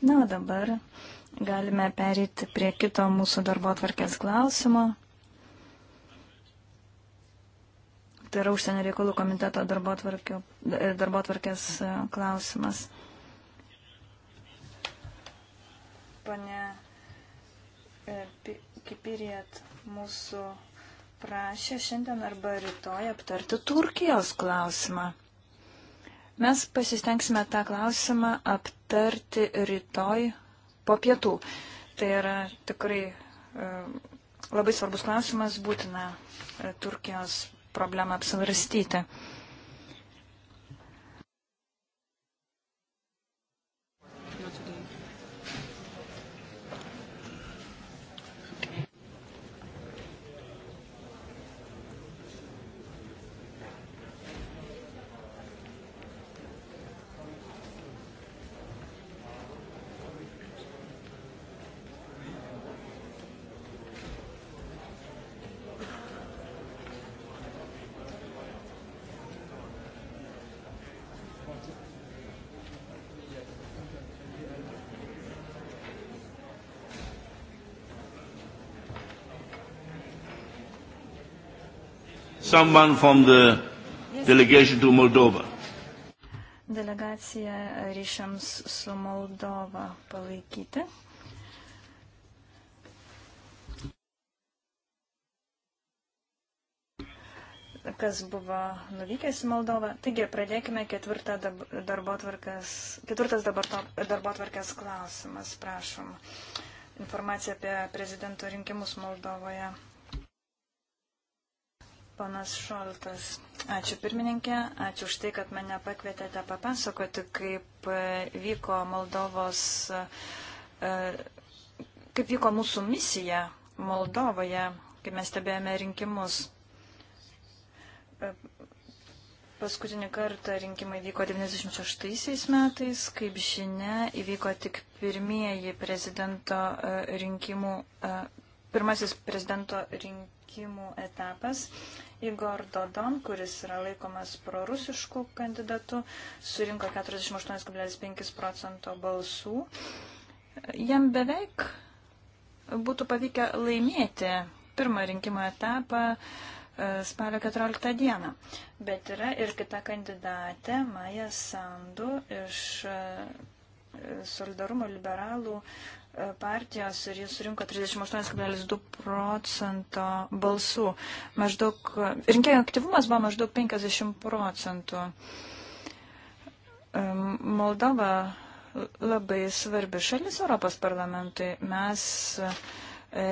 Na, o dabar galime pereiti prie kito mūsų darbo atvarkės klausimo. Tai yra užsienio reikalų komiteto darbo, atvarkio, e, darbo atvarkės e, klausimas. Pane e, Kipirėt mūsų prašė šiandien arba rytoj aptarti Turkijos klausimą. Mes pasistengsime tą klausimą aptarti rytoj po pietų. Tai yra tikrai e, labai svarbus klausimas, būtina e, Turkijos problemą apsvarstyti. someone from the delegation to Moldova? Delegacija ryšiams su Moldova palaikyti. kas buvo nuvykęs į Moldovą. Taigi, pradėkime ketvirtą darbo tvarkas, ketvirtas darbo tvarkas klausimas, prašom. Informacija apie prezidento rinkimus Moldovoje. Panas Šoltas, ačiū pirmininkė, ačiū už tai, kad mane pakvietėte papasakoti, kaip e, vyko Moldovos, e, kaip vyko mūsų misija Moldovoje, kaip mes stebėjome rinkimus. E, paskutinį kartą rinkimai vyko 96 metais, kaip žinia, įvyko tik pirmieji prezidento rinkimų, pirmasis prezidento rinkimų rinkimų etapas. Igor Dodon, kuris yra laikomas prorusiškų kandidatų, surinko 48,5 procento balsų. Jam beveik būtų pavykę laimėti pirmą rinkimų etapą e, spalio 14 dieną. Bet yra ir kita kandidatė, Maja Sandu iš e, Solidarumo liberalų partijos ir jis surinko 38,2 procento balsų. Maždaug, rinkėjų aktyvumas buvo maždaug 50 procentų. Moldova labai svarbi šalis Europos parlamentui. Mes e,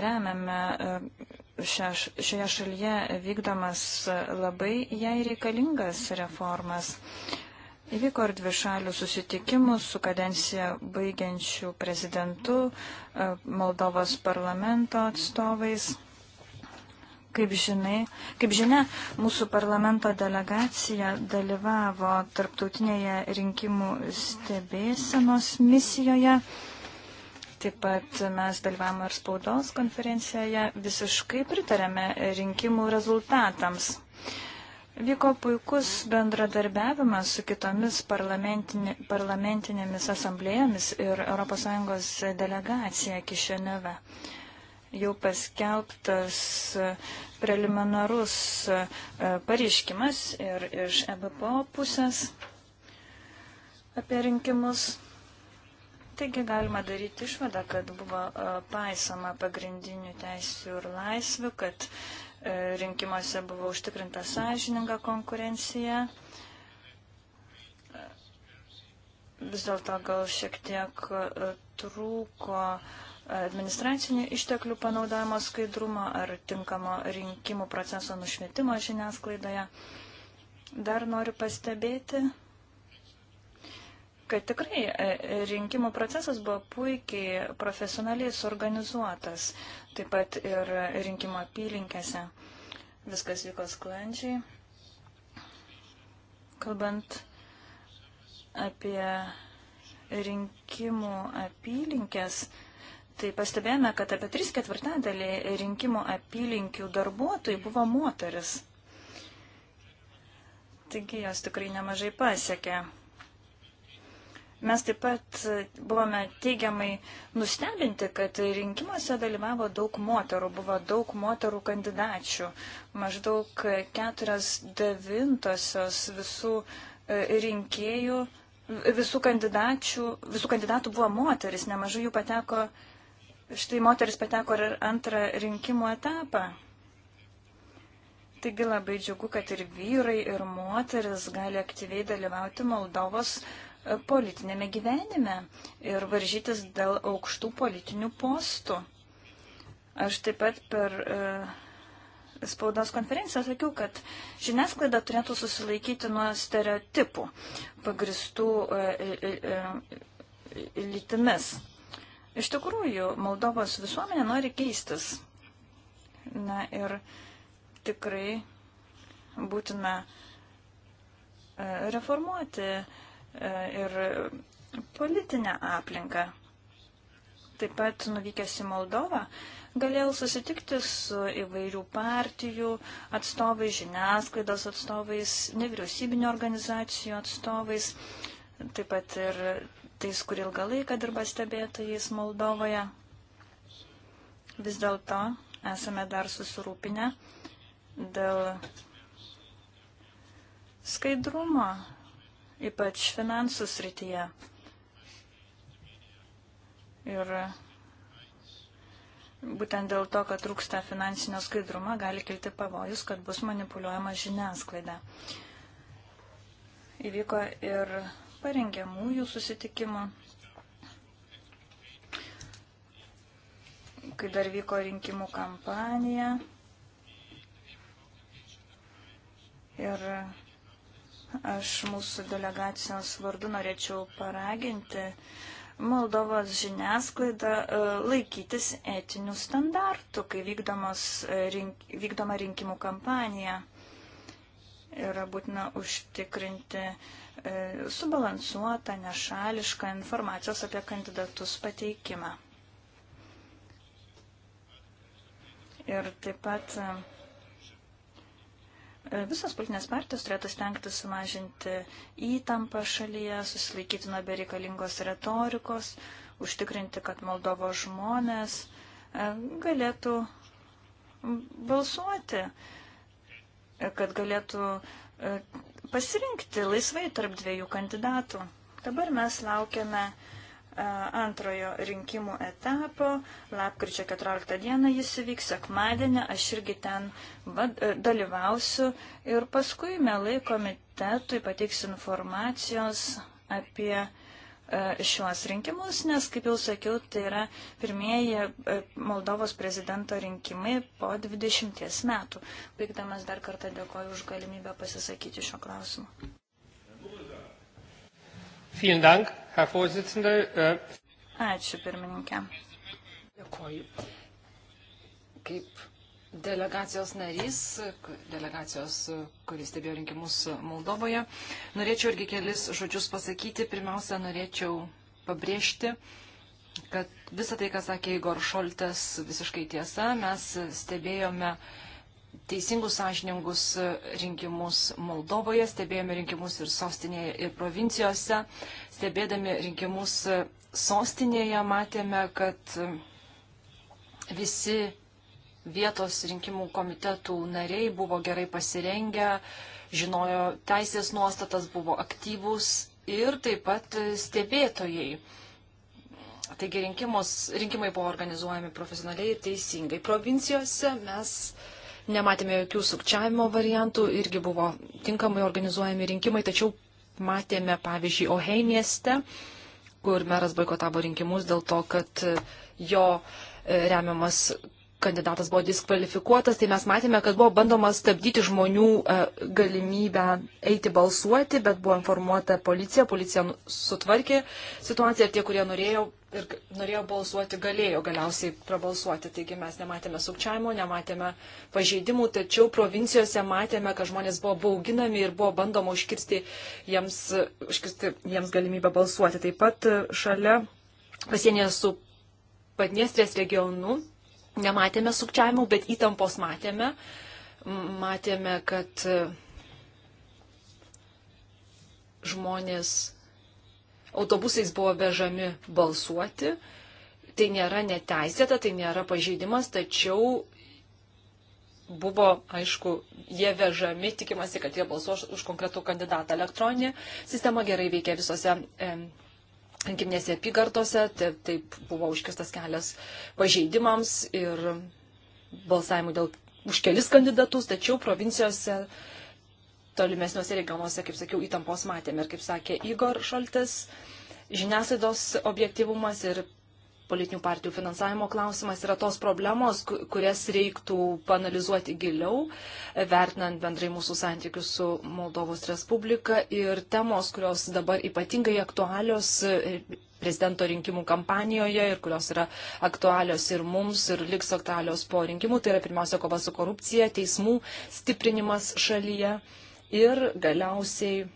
remiame e, šia, šioje šalyje vykdomas labai jai reikalingas reformas. Įvyko ir dvi šalių susitikimų su kadenciją baigiančių prezidentu, e, Moldovos parlamento atstovais. Kaip, žinai, kaip žinia, mūsų parlamento delegacija dalyvavo tarptautinėje rinkimų stebėsenos misijoje. Taip pat mes dalyvavome ir spaudos konferencijoje. Visiškai pritarėme rinkimų rezultatams. Vyko puikus bendradarbiavimas su kitomis parlamentinė, parlamentinėmis asamblėjomis ir ES delegacija Kišeneve. Jau paskelbtas preliminarus e, pareiškimas ir iš EBPO pusės apie rinkimus. Taigi galima daryti išvadą, kad buvo e, paisama pagrindinių teisių ir laisvių, kad uh, E, rinkimuose buvo užtikrinta sąžininga konkurencija. E, vis dėlto gal šiek tiek e, trūko administracinių išteklių panaudojimo skaidrumo ar tinkamo rinkimų proceso nušvietimo žiniasklaidoje. Dar noriu pastebėti, kad tikrai e, rinkimų procesas buvo puikiai profesionaliai suorganizuotas, taip pat ir rinkimo apylinkėse. Viskas vyko sklandžiai. Kalbant apie rinkimų apylinkės, tai pastebėjome, kad apie 3 ketvirtadalį rinkimų apylinkių darbuotojų buvo moteris. Taigi jos tikrai nemažai pasiekė. Mes taip pat buvome teigiamai nustebinti, kad rinkimuose dalyvavo daug moterų, buvo daug moterų kandidačių. Maždaug keturias devintosios visų e, rinkėjų, visų kandidačių, visų kandidatų buvo moteris, nemažai jų pateko, štai moteris pateko ir antrą rinkimų etapą. Taigi labai džiugu, kad ir vyrai, ir moteris gali aktyviai dalyvauti Moldovos politinėme gyvenime ir varžytis dėl aukštų politinių postų. Aš taip pat per e, spaudos konferenciją sakiau, kad žiniasklaida turėtų susilaikyti nuo stereotipų pagristų e, e, lytimis. Iš tikrųjų, Moldovos visuomenė nori keistis. Na ir tikrai būtina reformuoti E, ir politinę aplinką. Taip pat nuvykęs į Moldovą galėjau susitikti su įvairių partijų atstovais, žiniasklaidos atstovais, nevyriausybinio organizacijų atstovais, taip pat ir tais, kur ilgą laiką dirba stebėtojais Moldovoje. Vis dėlto esame dar susirūpinę dėl skaidrumo ypač finansų srityje. Ir būtent dėl to, kad trūksta finansinio skaidrumo, gali kilti pavojus, kad bus manipuliuojama žiniasklaida. Įvyko ir parengiamųjų susitikimų, kai dar vyko rinkimų kampanija. Ir Aš mūsų delegacijos vardu norėčiau paraginti Moldovos žiniasklaidą e, laikytis etinių standartų, kai e, rink, vykdoma rinkimų kampanija. Yra būtina užtikrinti e, subalansuotą, nešališką informacijos apie kandidatus pateikimą. Ir taip pat E, visos politinės partijos turėtų stengti sumažinti įtampą šalyje, susilaikyti nuo bereikalingos retorikos, užtikrinti, kad Moldovo žmonės e, galėtų balsuoti, e, kad galėtų pasirinkti laisvai tarp dviejų kandidatų. Dabar mes laukiame E, antrojo rinkimų etapo. Lapkričio 14 dieną jis įvyks sekmadienį, aš irgi ten vad, e, dalyvausiu ir paskui mielai komitetui pateiks informacijos apie e, šiuos rinkimus, nes, kaip jau sakiau, tai yra pirmieji Moldovos prezidento rinkimai po 20 metų. Baigdamas dar kartą dėkoju už galimybę pasisakyti šio klausimu. Vielen Dank. Äh, Ačiū, pirmininkė. Dėkoju. Kaip delegacijos narys, delegacijos, kuris stebėjo rinkimus Moldovoje, norėčiau irgi kelis žodžius pasakyti. Pirmiausia, norėčiau pabrėžti, kad visą tai, ką sakė Igor Šoltas, visiškai tiesa. Mes stebėjome uh, teisingus, sąžiningus rinkimus Moldovoje, stebėjome rinkimus ir sostinėje, ir provincijose. Stebėdami rinkimus sostinėje matėme, kad visi vietos rinkimų komitetų nariai buvo gerai pasirengę, žinojo teisės nuostatas, buvo aktyvus ir taip pat stebėtojai. Taigi rinkimus, rinkimai buvo organizuojami profesionaliai ir teisingai. Provincijose mes uh, nematėme jokių sukčiavimo variantų, irgi buvo tinkamai organizuojami rinkimai, tačiau matėme, pavyzdžiui, Ohei mieste, kur meras boikotavo rinkimus dėl to, kad e, jo e, remiamas kandidatas buvo diskvalifikuotas, tai mes matėme, kad buvo bandoma stabdyti žmonių e, galimybę eiti balsuoti, bet buvo informuota policija, policija nu, sutvarkė situaciją ir tie, kurie norėjo ir norėjo balsuoti, galėjo galiausiai prabalsuoti. Taigi mes nematėme sukčiavimo, nematėme pažeidimų, tačiau provincijose matėme, kad žmonės buvo bauginami ir buvo bandoma užkirsti jiems, užkirsti jiems galimybę balsuoti. Taip pat šalia pasienyje su Padniestrės regionu nematėme sukčiavimų, bet įtampos matėme. Matėme, kad žmonės autobusais buvo vežami balsuoti. Tai nėra neteisėta, tai nėra pažeidimas, tačiau buvo, aišku, jie vežami, tikimasi, kad jie balsuos už konkretų kandidatą. Elektroninė sistema gerai veikia visose rinkiminėse apygardose, taip, taip buvo užkistas kelias pažeidimams ir balsavimui dėl už kelis kandidatus, tačiau provincijose tolimesniuose regionuose, kaip sakiau, įtampos matėme. Ir kaip sakė Igor Šoltis, žiniasklaidos objektivumas ir politinių partijų finansavimo klausimas yra tos problemos, kurias reiktų panalizuoti giliau, vertinant bendrai mūsų santykius su Moldovos Respublika ir temos, kurios dabar ypatingai aktualios e, prezidento rinkimų kampanijoje ir kurios yra aktualios ir mums ir liks aktualios po rinkimų, tai yra pirmiausia kova su korupcija, teismų stiprinimas šalyje ir galiausiai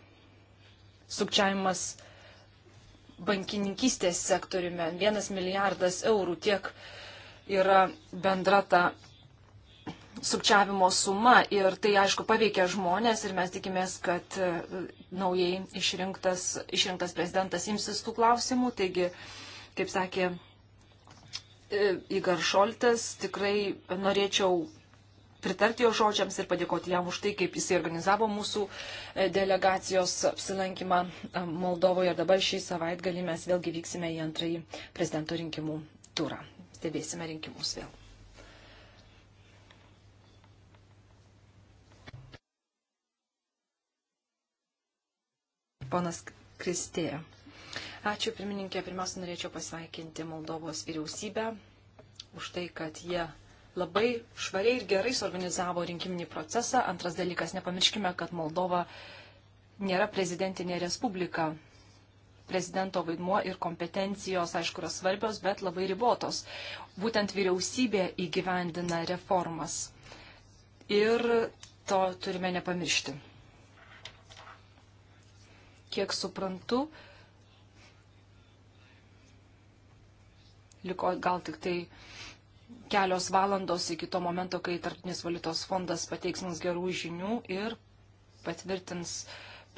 sukčiavimas bankininkystės sektoriume. Vienas milijardas eurų tiek yra bendra ta sukčiavimo suma ir tai aišku paveikia žmonės ir mes tikimės, kad e, naujai išrinktas, išrinktas prezidentas imsis tų klausimų. Taigi, kaip sakė e, Igar Šoltas, tikrai norėčiau pritarti jo žodžiams ir padėkoti jam už tai, kaip jisai organizavo mūsų e, delegacijos apsilankymą e, Moldovoje. Ir dabar šį savaitgalį mes vėlgi vyksime į antrąjį prezidento rinkimų turą. Stebėsime rinkimus vėl. Ponas Kristėja. Ačiū pirmininkė. Pirmiausia, norėčiau pasveikinti Moldovos vyriausybę už tai, kad jie labai švariai ir gerai suorganizavo rinkiminį procesą. Antras dalykas, nepamirškime, kad Moldova nėra prezidentinė respublika. Prezidento vaidmuo ir kompetencijos, aišku, yra svarbios, bet labai ribotos. Būtent vyriausybė įgyvendina reformas. Ir to turime nepamiršti. Kiek suprantu, liko gal tik tai uh, kelios valandos iki to momento, kai Tartinis valiutos fondas pateiks mums gerų žinių ir patvirtins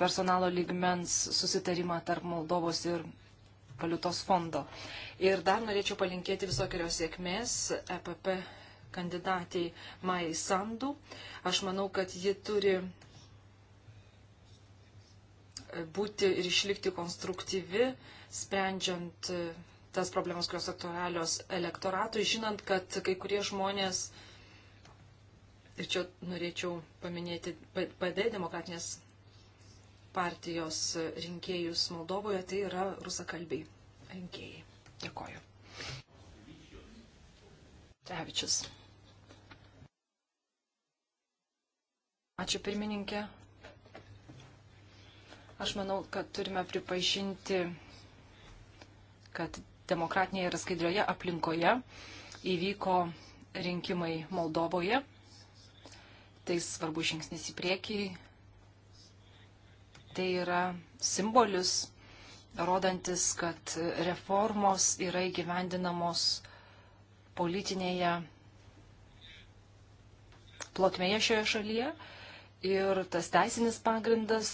personalo lygmens susitarimą tarp Moldovos ir valiutos fondo. Ir dar norėčiau palinkėti visokios sėkmės EPP kandidatiai Mai Sandu. Aš manau, kad ji turi būti ir išlikti konstruktyvi, sprendžiant tas problemas, kurios aktualios elektoratui, žinant, kad kai kurie žmonės, ir čia norėčiau paminėti PD demokratinės partijos rinkėjus Moldovoje, tai yra rusakalbiai rinkėjai. Dėkoju. Trevičius. Ačiū pirmininkė. Aš manau, kad turime pripažinti, kad demokratinėje ir skaidrioje aplinkoje įvyko rinkimai Moldovoje. Tai svarbu žingsnis į priekį. Tai yra simbolis, rodantis, kad reformos yra įgyvendinamos politinėje plotmėje šioje šalyje ir tas teisinis pagrindas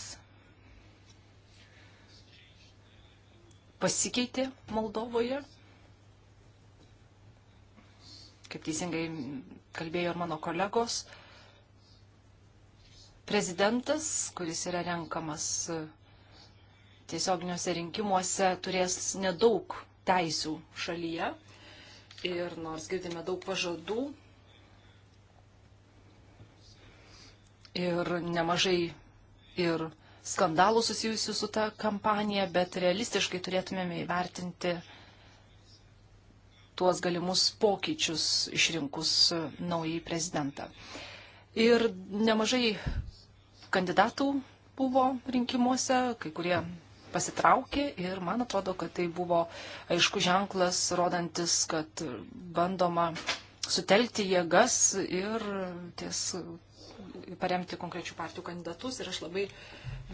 pasikeitė Moldovoje. Kaip teisingai kalbėjo ir mano kolegos, prezidentas, kuris yra renkamas tiesioginiuose rinkimuose, turės nedaug teisių šalyje. Ir nors girdime daug pažadų ir nemažai ir skandalų susijusių su ta kampanija, bet realistiškai turėtumėme įvertinti tuos galimus pokyčius išrinkus naująjį prezidentą. Ir nemažai kandidatų buvo rinkimuose, kai kurie pasitraukė ir man atrodo, kad tai buvo aišku ženklas, rodantis, kad bandoma sutelkti jėgas ir ties paremti konkrečių partijų kandidatus ir aš labai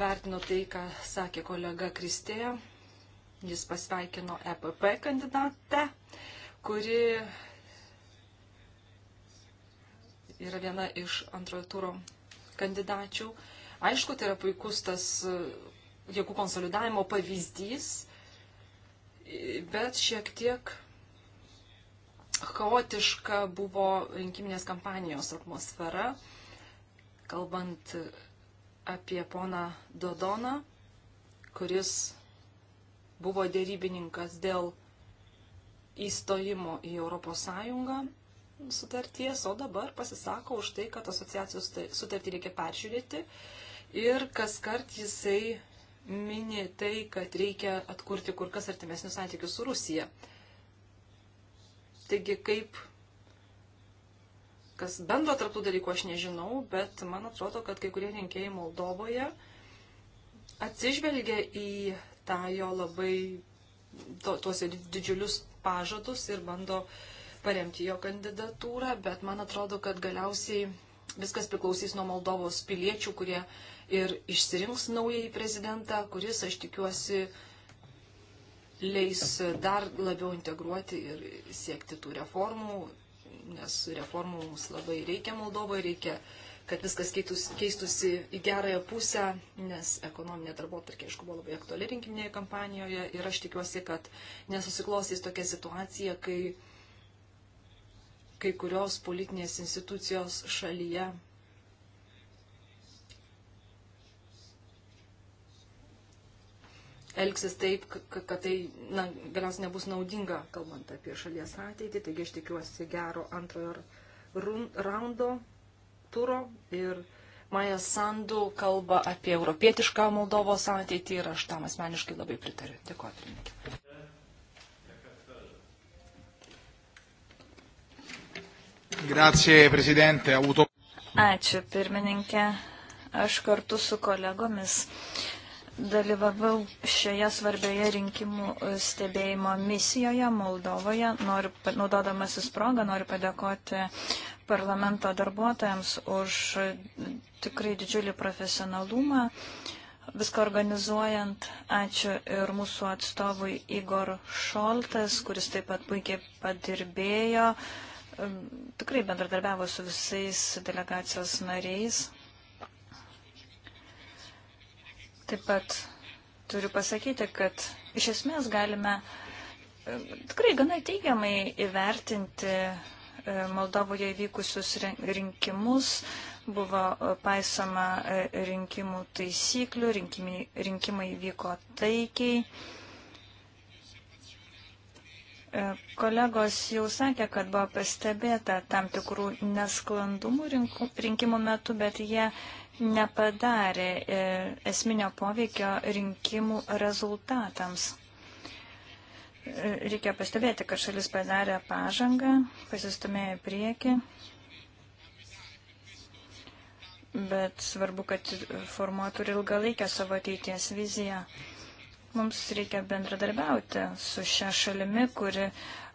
vertinu tai, ką sakė kolega Kristėja. Jis pasveikino EPP kandidatę, kuri yra viena iš antrojo turo kandidačių. Aišku, tai yra puikus tas e, jėgų konsolidavimo pavyzdys, bet šiek tiek chaotiška buvo rinkiminės kampanijos atmosfera kalbant apie poną Dodoną, kuris buvo dėrybininkas dėl įstojimo į ES sutarties, o dabar pasisako už tai, kad asociacijos sutartį reikia peržiūrėti. Ir kas kart jisai mini tai, kad reikia atkurti kur kas artimesnius santykius su Rusija. Taigi kaip kas bendro tarptų dalykų aš nežinau, bet man atrodo, kad kai kurie rinkėjai Moldovoje atsižvelgia į tą jo labai to, tuos didžiulius pažadus ir bando paremti jo kandidatūrą, bet man atrodo, kad galiausiai viskas priklausys nuo Moldovos piliečių, kurie ir išsirinks naująjį prezidentą, kuris, aš tikiuosi, leis dar labiau integruoti ir siekti tų reformų, nes reformų mums labai reikia Moldovoje, reikia, kad viskas keistusi į gerąją pusę, nes ekonominė darbo tarkė, aišku, buvo labai aktuali rinkiminėje kampanijoje ir aš tikiuosi, kad nesusiklostys tokia situacija, kai kai kurios politinės institucijos šalyje elgsis taip, kad tai na, galiausiai nebus naudinga, kalbant apie šalies ateitį. Taigi aš tikiuosi gero antrojo raundo turo. Ir Maja Sandu kalba apie europietišką Moldovos ateitį ir aš tam asmeniškai labai pritariu. Dėkuoju, pirmininkė. Grazie, Presidente. Avuto... Ačiū, pirmininkė. Aš kartu su kolegomis dalyvavau šioje svarbioje rinkimų e, stebėjimo misijoje Moldovoje. Noriu, naudodamasis progą, noriu padėkoti parlamento darbuotojams už e, tikrai didžiulį profesionalumą. Viską organizuojant, ačiū ir mūsų atstovui Igor Šoltas, kuris taip pat puikiai padirbėjo, e, tikrai bendradarbiavo su visais delegacijos nariais. Taip pat turiu pasakyti, kad iš esmės galime e, tikrai gana teigiamai įvertinti e, Moldovoje įvykusius rinkimus, buvo e, paisama rinkimų taisyklių, rinkimai, rinkimai vyko taikiai. Kolegos jau sakė, kad buvo pastebėta tam tikrų nesklandumų rinkimų metu, bet jie nepadarė e, esminio poveikio rinkimų rezultatams. E, reikia pastebėti, kad šalis padarė pažangą, pasistumėjo į priekį, bet svarbu, kad formuotų ir ilgalaikę savo ateities viziją. Mums reikia bendradarbiauti su šia šalimi, kuri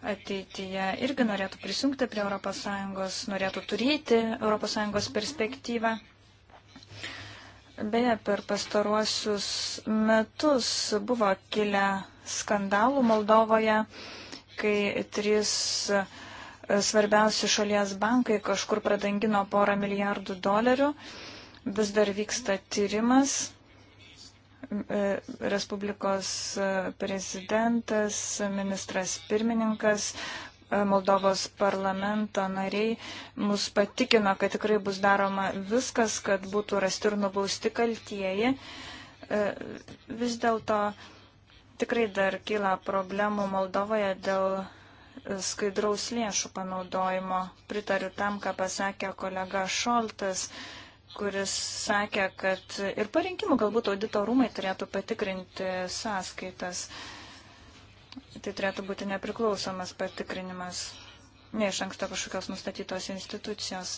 ateityje irgi norėtų prisijungti prie ES, norėtų turėti ES perspektyvą. Beje, per pastaruosius metus buvo kilę skandalų Moldovoje, kai trys e, svarbiausi šalies bankai kažkur pradangino porą milijardų dolerių. Vis dar vyksta tyrimas. E, Respublikos e, prezidentas, ministras pirmininkas Moldovos parlamento nariai mus patikino, kad tikrai bus daroma viskas, kad būtų rasti ir nubausti kaltieji. E, vis dėlto tikrai dar kyla problemų Moldovoje dėl skaidraus lėšų panaudojimo. Pritariu tam, ką pasakė kolega Šoltas kuris sakė, kad ir parinkimų galbūt audito rūmai turėtų patikrinti sąskaitas. Uh, Tai turėtų būti nepriklausomas patikrinimas, ne iš anksto kažkokios nustatytos institucijos.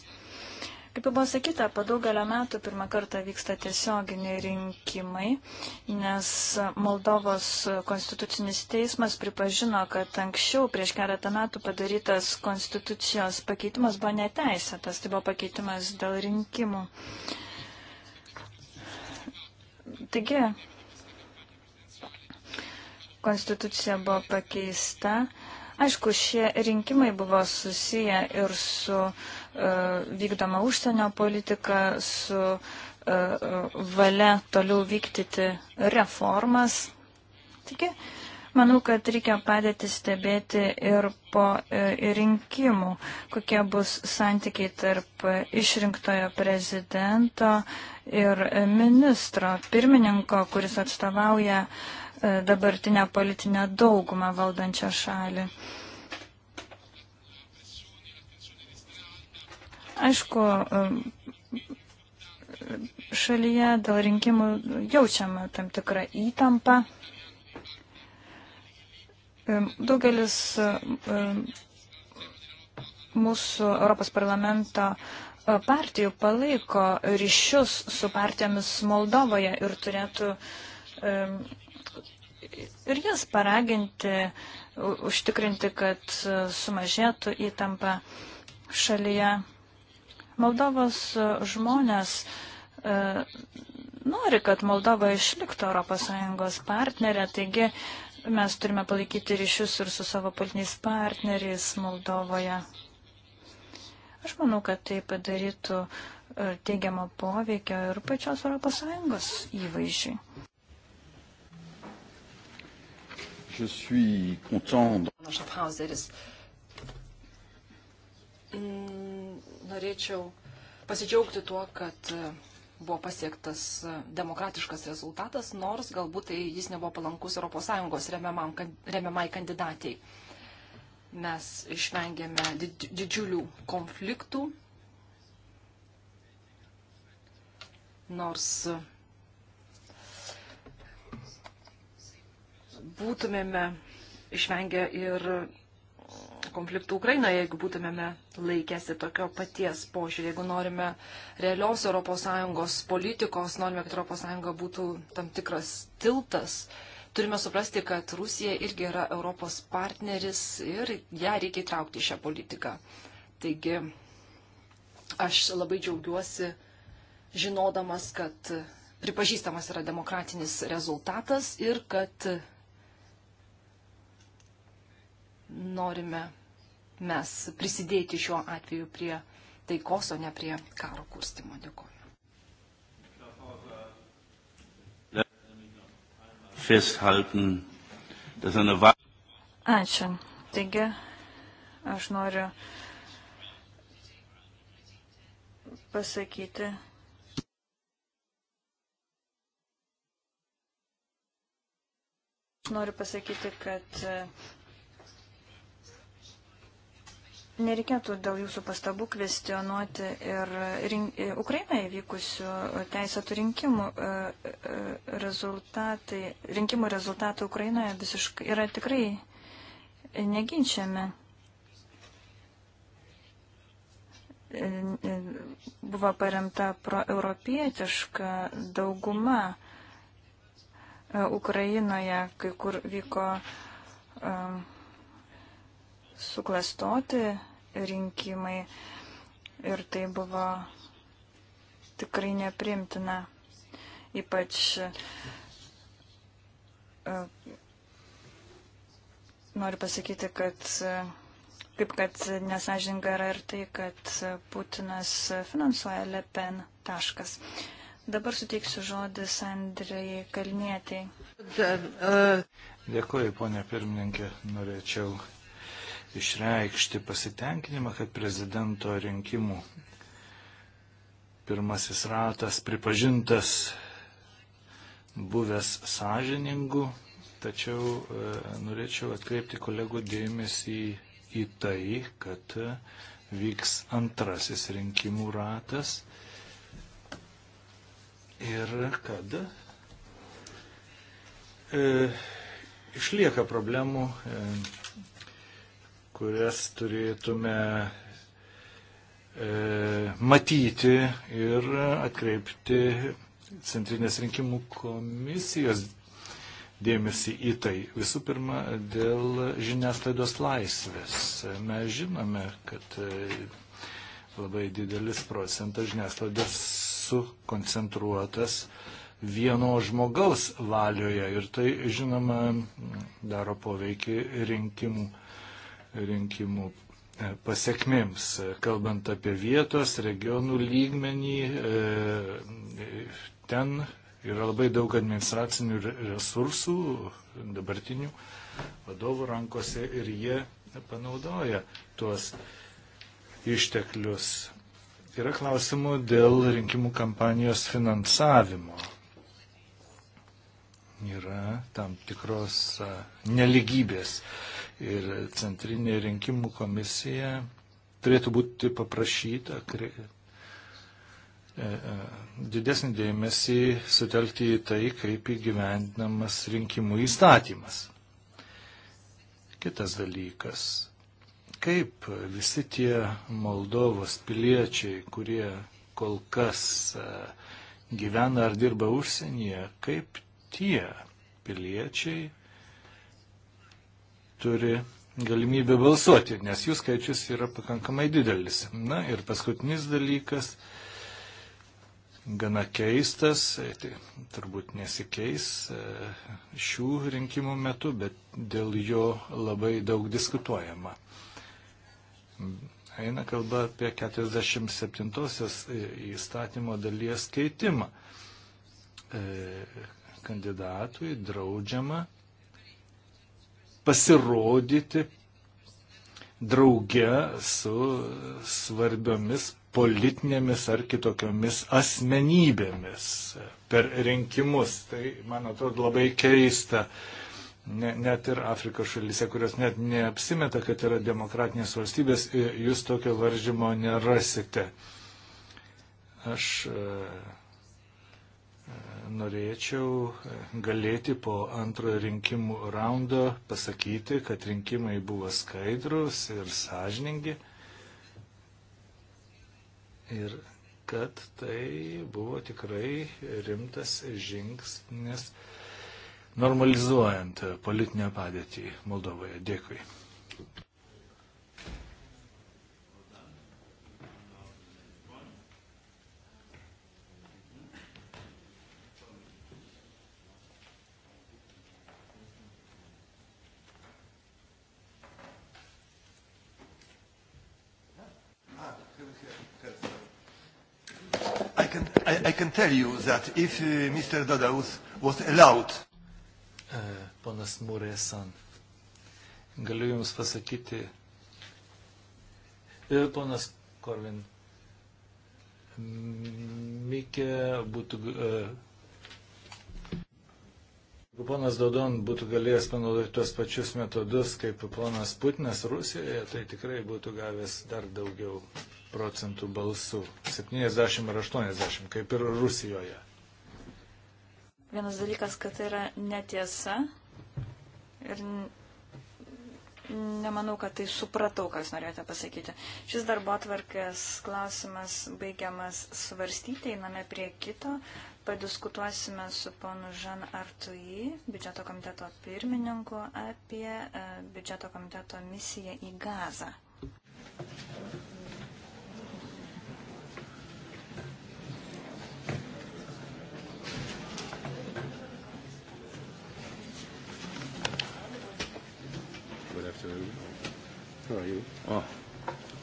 Kaip jau buvo sakyta, po daugelio metų pirmą kartą vyksta tiesioginiai rinkimai, nes Moldovos konstitucinis teismas pripažino, kad anksčiau prieš keletą metų padarytas konstitucijos pakeitimas buvo neteisėtas, tai buvo pakeitimas dėl rinkimų. Taigi, konstitucija buvo pakeista. Aišku, šie rinkimai buvo susiję ir su uh, vykdoma užsienio politika, su uh, valia toliau vykdyti reformas. Taigi, manau, kad reikia padėti stebėti ir po uh, rinkimų, kokie bus santykiai tarp išrinktojo prezidento ir ministro pirmininko, kuris atstovauja uh, E, dabartinę politinę daugumą valdančią šalį. Aišku, e, šalyje dėl rinkimų jaučiama tam tikrą įtampą. E, daugelis mūsų Europos parlamento partijų palaiko ryšius su partijomis Moldovoje ir turėtų ir jas paraginti, užtikrinti, kad sumažėtų įtampa šalyje. Moldovos žmonės e, nori, kad Moldova išliktų ES partnerė, taigi mes turime palaikyti ryšius ir su savo politiniais partneriais Moldovoje. Aš manau, kad tai padarytų e, teigiamą poveikio ir pačios ES įvaizdžiui. Je suis content. Schaffhauseris. Norėčiau pasidžiaugti tuo, kad e, buvo pasiektas e, demokratiškas rezultatas, nors galbūt tai jis nebuvo palankus ES remiamai kandidatei. Mes išvengėme didžiulių konfliktų, nors būtumėme išvengę ir konfliktų Ukrainoje, jeigu būtumėme laikėsi tokio paties požiūrį, jeigu norime realios ES politikos, norime, kad ES būtų tam tikras tiltas, turime suprasti, kad Rusija irgi yra Europos partneris ir ją reikia įtraukti į šią politiką. Taigi aš labai džiaugiuosi žinodamas, kad pripažįstamas yra demokratinis rezultatas ir kad norime mes prisidėti šiuo atveju prie taikos, o ne prie karo kurstimo. Dėkuoju. Ačiū. Taigi, aš noriu pasakyti, Noriu pasakyti, kad Nereikėtų dėl jūsų pastabų kvestionuoti ir rink, e, Ukrainoje vykusių teisėtų rinkimų e, e, rezultatai, rinkimų rezultatai Ukrainoje visiškai yra tikrai neginčiami. Buvo paremta proeuropietiška dauguma Ukrainoje, kai kur vyko uh, suklastoti rinkimai ir tai buvo tikrai neprimtina, ypač e, noriu pasakyti, kad kaip kad nesažinga yra ir tai, kad Putinas finansuoja Le Pen taškas. Dabar suteiksiu žodį Sandrijai Kalnietiai. E. Dėkuoju, ponė pirmininkė. Norėčiau išreikšti pasitenkinimą, kad prezidento rinkimų pirmasis ratas pripažintas buvęs sąžiningu, tačiau e, norėčiau atkreipti kolegų dėmesį į tai, kad e, vyks antrasis rinkimų ratas ir kad e, išlieka problemų e, kurias turėtume e, matyti ir atkreipti Centrinės rinkimų komisijos dėmesį į tai. Visų pirma, dėl žiniasklaidos laisvės. Mes žinome, kad e, labai didelis procentas žiniasklaidos sukoncentruotas vieno žmogaus valioje ir tai, žinoma, daro poveikį rinkimų rinkimų e, pasiekmėms. Kalbant apie vietos, regionų lygmenį, e, ten yra labai daug administracinių resursų dabartinių vadovų rankose ir jie panaudoja tuos išteklius. Yra klausimų dėl rinkimų kampanijos finansavimo. Yra tam tikros neligybės. Uh, ir Centrinė rinkimų komisija turėtų būti paprašyta kre, e, e, didesnį dėmesį sutelkti į tai, kaip įgyvendinamas rinkimų įstatymas. Kitas dalykas. Kaip visi tie Moldovos piliečiai, kurie kol kas e, gyvena ar dirba užsienyje, kaip tie piliečiai turi galimybę balsuoti, nes jų skaičius yra pakankamai didelis. Na ir paskutinis dalykas, gana keistas, tai turbūt nesikeis e, šių rinkimų metu, bet dėl jo labai daug diskutuojama. Eina kalba apie 47-osios e, įstatymo dalies keitimą. E, kandidatui draudžiama pasirodyti drauge su svarbiomis politinėmis ar kitokiomis asmenybėmis per rinkimus. Tai, man atrodo, labai keista. Ne, net ir Afrikos šalyse, kurios net neapsimeta, kad yra demokratinės valstybės, e, jūs tokio varžymo nerasite. Aš e, norėčiau e, galėti po antrojo rinkimų raundo pasakyti, kad rinkimai buvo skaidrus ir sąžiningi ir kad tai buvo tikrai rimtas žingsnis normalizuojant politinę padėtį Moldovoje. Dėkui. tell you that if uh, Mr. Dadaus was allowed. Uh, ponas Mūrėsan, galiu Jums pasakyti, uh, ponas Korvin, Mikė būtų. E, jeigu ponas Dodon būtų galėjęs panaudoti tuos pačius metodus kaip ponas Putinas Rusijoje, tai tikrai būtų gavęs dar daugiau procentų balsų. 70 ar 80, kaip ir Rusijoje. Vienas dalykas, kad tai yra netiesa. Ir nemanau, kad tai supratau, kas norėjote pasakyti. Šis darbo atvarkės klausimas baigiamas svarstyti, einame prie kito. Padiskutuosime su ponu Žan Artui, biudžeto komiteto pirmininku, apie e, biudžeto komiteto misiją į Gazą. Thank you. How are you? Oh,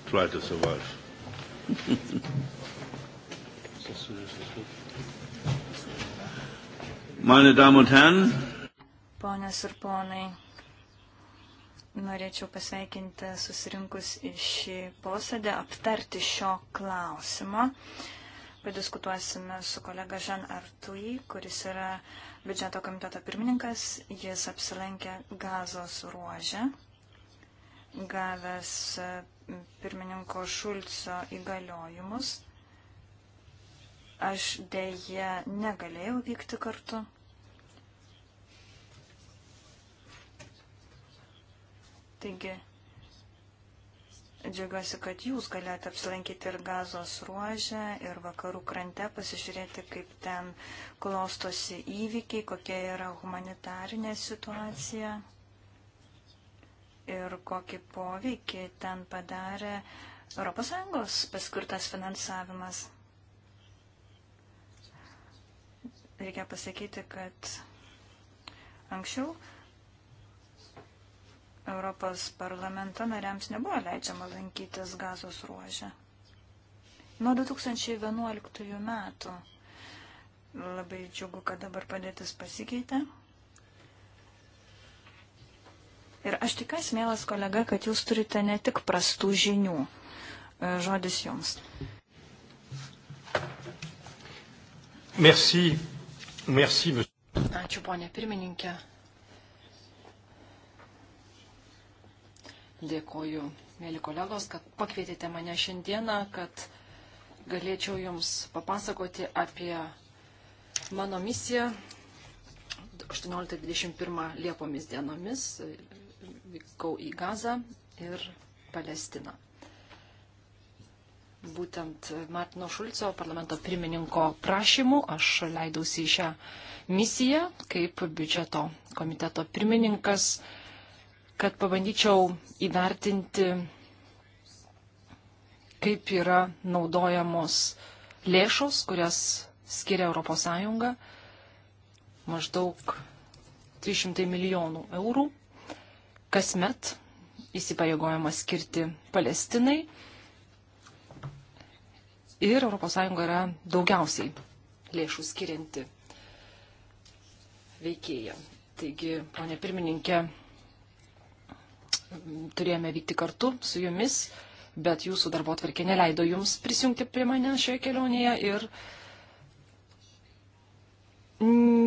try to survive. Meine Damen und Herren. Ponios ir ponai, norėčiau pasveikinti susirinkus į šį posėdį, aptarti šio klausimo. Padiskutuosime su kolega Žan Artui, kuris yra biudžeto komiteto pirmininkas. Jis apsilankė gazos ruožę gavęs e, pirmininko Šulco įgaliojimus. Aš dėje negalėjau vykti kartu. Taigi, džiaugiuosi, kad jūs galėjote apsilankyti ir gazos ruožę, ir vakarų krante, pasižiūrėti, kaip ten klostosi įvykiai, kokia yra humanitarinė situacija ir kokį poveikį ten padarė ES paskirtas finansavimas. Reikia pasakyti, kad anksčiau Europos parlamento nariams nebuvo leidžiama lankytis gazos ruožę. Nuo 2011 metų labai džiugu, kad dabar padėtis pasikeitė. Ir aš tikiuosi, mielas kolega, kad jūs turite ne tik prastų žinių. E, žodis jums. Merci. Merci, Ačiū, ponė pirmininkė. Dėkoju, mėly kolegos, kad pakvietėte mane šiandieną, kad galėčiau Jums papasakoti apie mano misiją 18-21 Liepomis dienomis vykau į Gazą ir Palestiną. Būtent Martino Šulco parlamento pirmininko prašymu aš leidausi į šią misiją kaip biudžeto komiteto pirmininkas, kad pabandyčiau įvertinti, kaip yra naudojamos lėšos, kurias skiria ES, maždaug 300 milijonų eurų kasmet įsipareigojama skirti Palestinai ir ES yra daugiausiai lėšų skirianti veikėja. Taigi, ponė pirmininkė, turėjome vykti kartu su jumis, bet jūsų darbo atvarkė neleido jums prisijungti prie mane šioje kelionėje ir uh,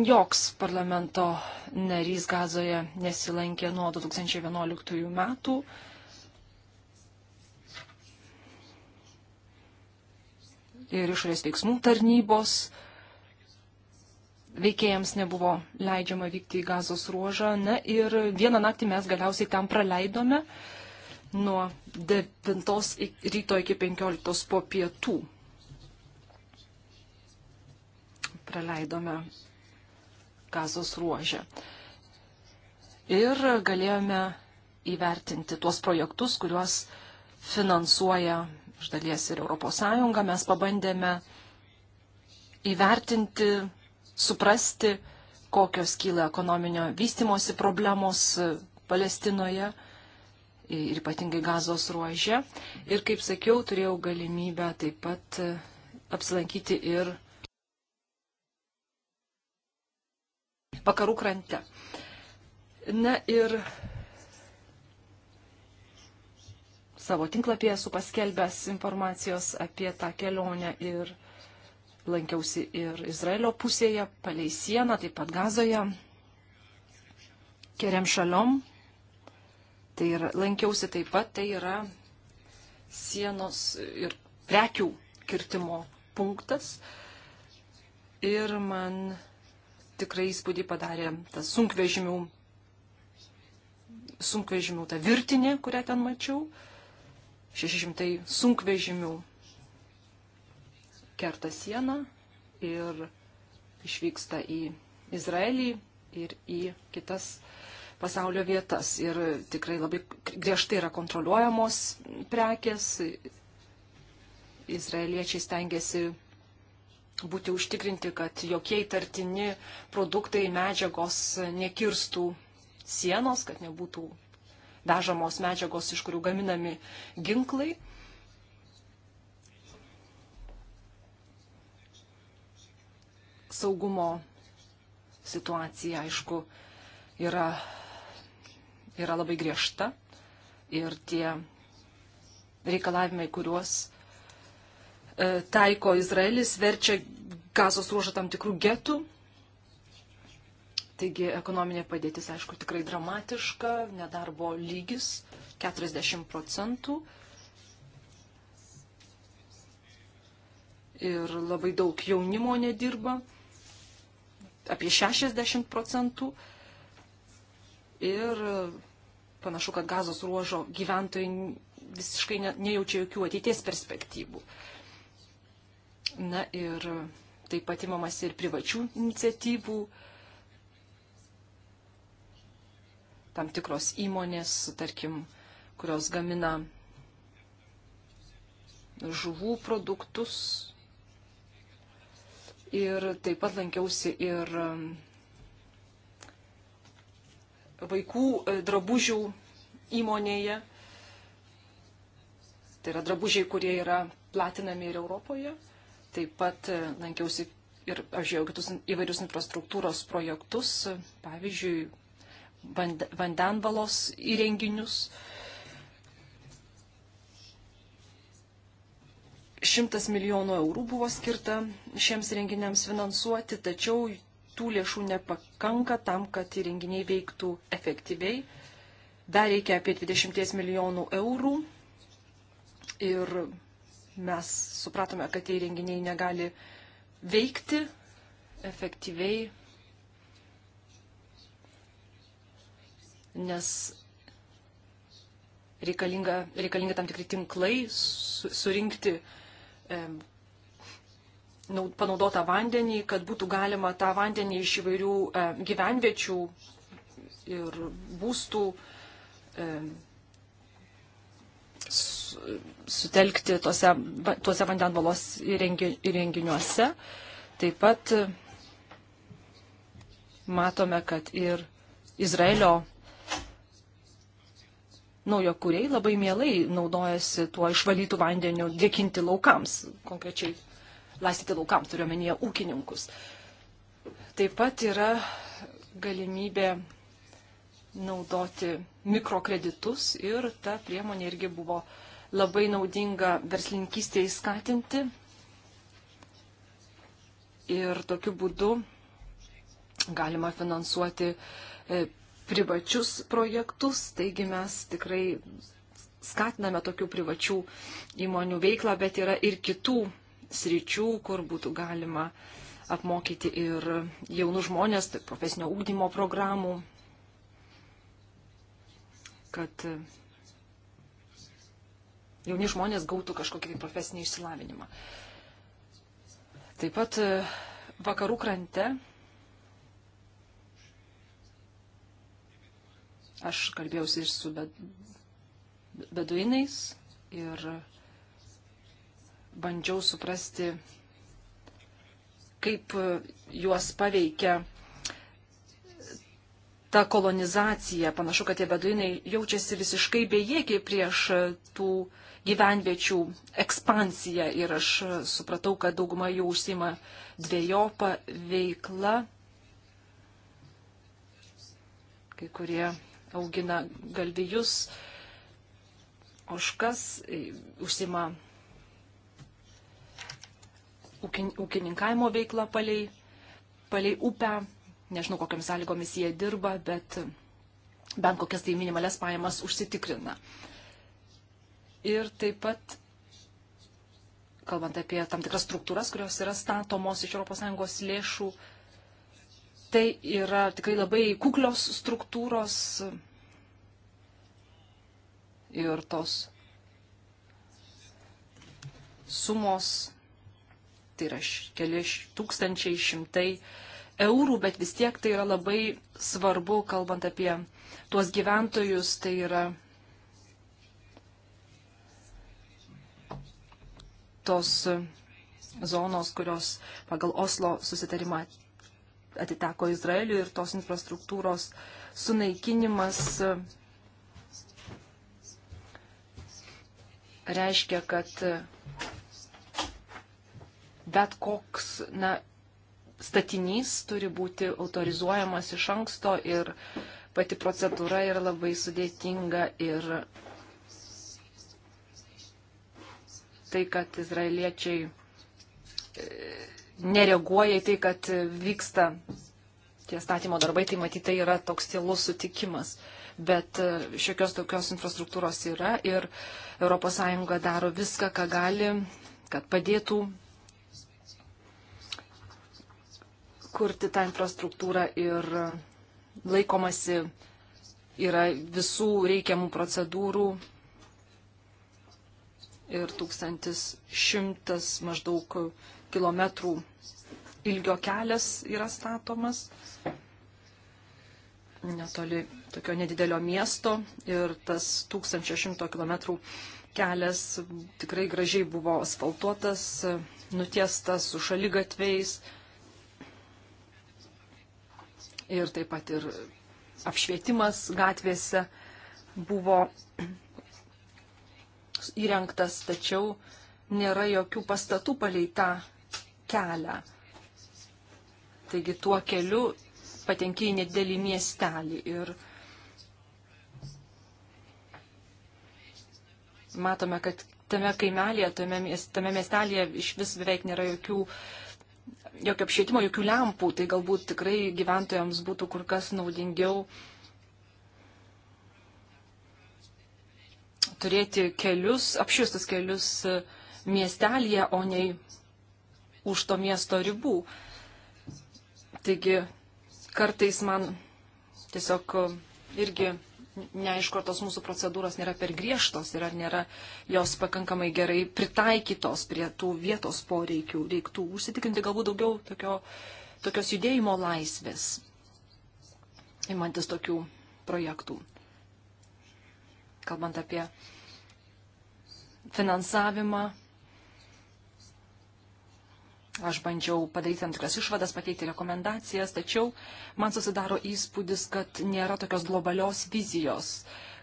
Joks parlamento narys Gazoje nesilankė nuo 2011 metų. Ir išorės veiksmų tarnybos veikėjams nebuvo leidžiama vykti į gazos ruožą. Na ir vieną naktį mes galiausiai ten praleidome nuo 9 ryto iki 15 po pietų. praleidome gazos ruožę. Ir galėjome įvertinti tuos projektus, kuriuos finansuoja iš dalies ir ES. Mes pabandėme įvertinti, suprasti, kokios kyla ekonominio vystimosi problemos Palestinoje ir ypatingai gazos ruožė. Ir kaip sakiau, turėjau galimybę taip pat apsilankyti ir vakarų krante. Na ir savo tinklapyje esu paskelbęs informacijos apie tą kelionę ir lankiausi ir Izraelio pusėje, palei sieną, taip pat Gazoje, Kerem Šaliom. Tai yra, lankiausi taip pat, tai yra sienos ir prekių kirtimo punktas. Ir man tikrai įspūdį padarė tas sunkvežimių, sunkvežimių ta virtinė, kurią ten mačiau. 600 sunkvežimių kerta sieną ir išvyksta į Izraelį ir į kitas pasaulio vietas. Ir tikrai labai griežtai yra kontroliuojamos prekės. Izraeliečiai stengiasi būti užtikrinti, kad jokie įtartini produktai, medžiagos nekirstų sienos, kad nebūtų vežamos medžiagos, iš kurių gaminami ginklai. Saugumo situacija, aišku, yra, yra labai griežta ir tie reikalavimai, kuriuos E, taiko Izraelis, verčia gazos ruožą tam tikrų getų. Taigi ekonominė padėtis, aišku, tikrai dramatiška, nedarbo lygis 40 procentų. Ir labai daug jaunimo nedirba, apie 60 procentų. Ir panašu, kad gazos ruožo gyventojai visiškai nejaučia jokių ateities perspektyvų. Uh, Na ir taip pat įmamas ir privačių iniciatyvų. Tam tikros įmonės, tarkim, kurios gamina žuvų produktus. Ir taip pat lankiausi ir um, vaikų e, drabužių įmonėje. Tai yra drabužiai, kurie yra platinami ir Europoje. Taip pat e, lankiausi ir aš jau kitus įvairius infrastruktūros projektus, pavyzdžiui, vandenvalos įrenginius. 100 milijonų eurų buvo skirta šiems renginiams finansuoti, tačiau tų lėšų nepakanka tam, kad įrenginiai veiktų efektyviai. Dar reikia apie 20 milijonų eurų ir mes supratome, kad tie renginiai negali veikti efektyviai, nes reikalinga, reikalinga tam tikri tinklai su, surinkti e, panaudotą vandenį, kad būtų galima tą vandenį iš įvairių e, gyvenviečių ir būstų e, sutelkti tuose, tuose vandenvalos įrenginiuose. Taip pat e, matome, kad ir Izraelio naujo kuriai labai mielai naudojasi tuo išvalytų vandeniu dėkinti laukams, konkrečiai laistyti laukams, turiuomenyje ūkininkus. Taip pat yra galimybė naudoti mikrokreditus ir ta priemonė irgi buvo uh, labai naudinga verslininkystėje įskatinti ir tokiu būdu galima finansuoti e, privačius projektus, taigi mes tikrai skatiname tokių privačių įmonių veiklą, bet yra ir kitų sričių, kur būtų galima apmokyti ir jaunų žmonės, tai profesinio ūkdymo programų, kad jauni žmonės gautų kažkokį tai profesinį išsilavinimą. Taip pat e, vakarų krante aš kalbėjausi ir su beduinais ir bandžiau suprasti, kaip juos paveikia ta kolonizacija. Panašu, kad tie beduinai jaučiasi visiškai bejėgiai prieš tų uh, gyvenviečių ekspansiją ir aš supratau, kad dauguma jų užsima dviejopą veiklą. Kai kurie augina galvijus, oškas, užsima ūkininkavimo veiklą palei, palei upę. Nežinau, kokiamis sąlygomis jie dirba, bet bent kokias tai minimales pajamas užsitikrina. Uh, Ir taip pat, kalbant apie tam tikras struktūras, kurios yra statomos iš ES lėšų, tai yra tikrai labai kuklios struktūros ir tos sumos, tai yra keli tūkstančiai šimtai eurų, bet vis tiek tai yra labai svarbu, kalbant apie tuos gyventojus, tai yra tos zonos, kurios pagal Oslo susitarimą atiteko Izraeliui ir tos infrastruktūros sunaikinimas e, reiškia, kad e, bet koks na, statinys turi būti autorizuojamas iš anksto ir pati procedūra yra labai sudėtinga ir tai, kad izraeliečiai e, nereaguoja į tai, kad vyksta tie statymo darbai, tai matyt, tai yra toks tylus sutikimas. Bet e, šiokios tokios infrastruktūros yra ir ES daro viską, ką gali, kad padėtų kurti tą infrastruktūrą ir laikomasi yra visų reikiamų procedūrų, ir 1100 maždaug kilometrų ilgio kelias yra statomas netoli tokio nedidelio miesto ir tas 1100 km kelias tikrai gražiai buvo asfaltuotas, nutiestas su šaligatviais ir taip pat ir apšvietimas gatvėse buvo įrengtas, tačiau nėra jokių pastatų palei tą kelią. Taigi tuo keliu patenki į nedidelį miestelį ir matome, kad tame kaimelėje, tame, miest, tame miestelėje iš vis beveik nėra jokių, jokio apšvietimo, jokių lempų, tai galbūt tikrai gyventojams būtų kur kas naudingiau uh, turėti kelius, apšviestus kelius miestelėje, o ne už to miesto ribų. Taigi kartais man tiesiog e, irgi neaišku, ar tos mūsų procedūros nėra per griežtos ir ar nėra jos pakankamai gerai pritaikytos prie tų vietos poreikių. Reiktų užsitikrinti galbūt daugiau tokio, tokios judėjimo laisvės, imantis tokių projektų kalbant apie finansavimą. Aš bandžiau padaryti tam tikras išvadas, pateikti rekomendacijas, tačiau man susidaro įspūdis, kad nėra tokios globalios vizijos,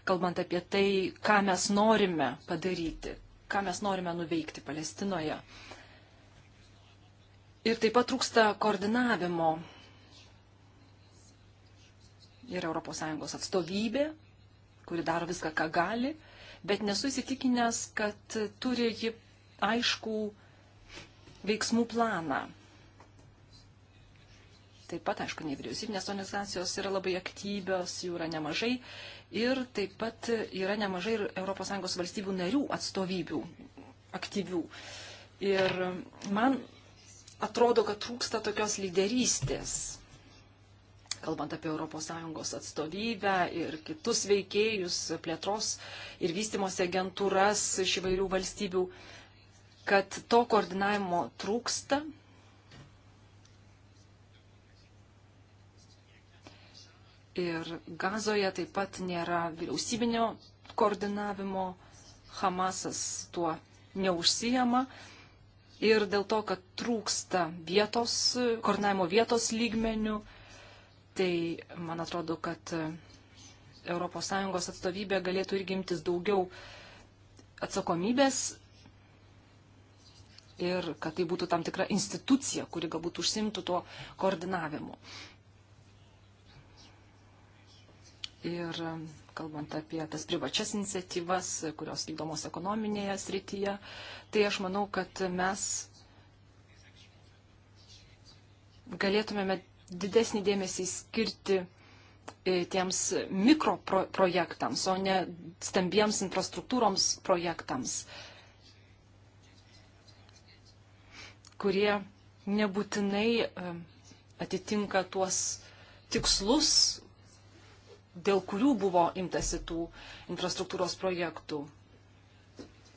kalbant apie tai, ką mes norime padaryti, ką mes norime nuveikti Palestinoje. Ir taip pat trūksta koordinavimo. Ir ES atstovybė kuri daro viską, ką gali, bet nesu įsitikinęs, kad turi ji aišku veiksmų planą. Taip pat, aišku, nevyriausybinės organizacijos yra labai aktyvios, jų yra nemažai ir taip pat yra nemažai ir ES valstybių narių atstovybių aktyvių. Ir man atrodo, kad trūksta tokios lyderystės kalbant apie ES atstovybę ir kitus veikėjus, plėtros ir vystimos agentūras iš įvairių valstybių, kad to koordinavimo trūksta. Ir gazoje taip pat nėra vyriausybinio koordinavimo, Hamasas tuo neužsijama ir dėl to, kad trūksta vietos, koordinavimo vietos lygmenių, tai man atrodo, kad ES atstovybė galėtų irgi imtis daugiau atsakomybės ir kad tai būtų tam tikra institucija, kuri galbūt užsimtų tuo koordinavimu. Ir kalbant apie tas privačias iniciatyvas, kurios vykdomos ekonominėje srityje, tai aš manau, kad mes galėtumėme didesnį dėmesį skirti e, tiems mikroprojektams, o ne stambiems infrastruktūroms projektams, kurie nebūtinai e, atitinka tuos tikslus, dėl kurių buvo imtasi tų infrastruktūros projektų.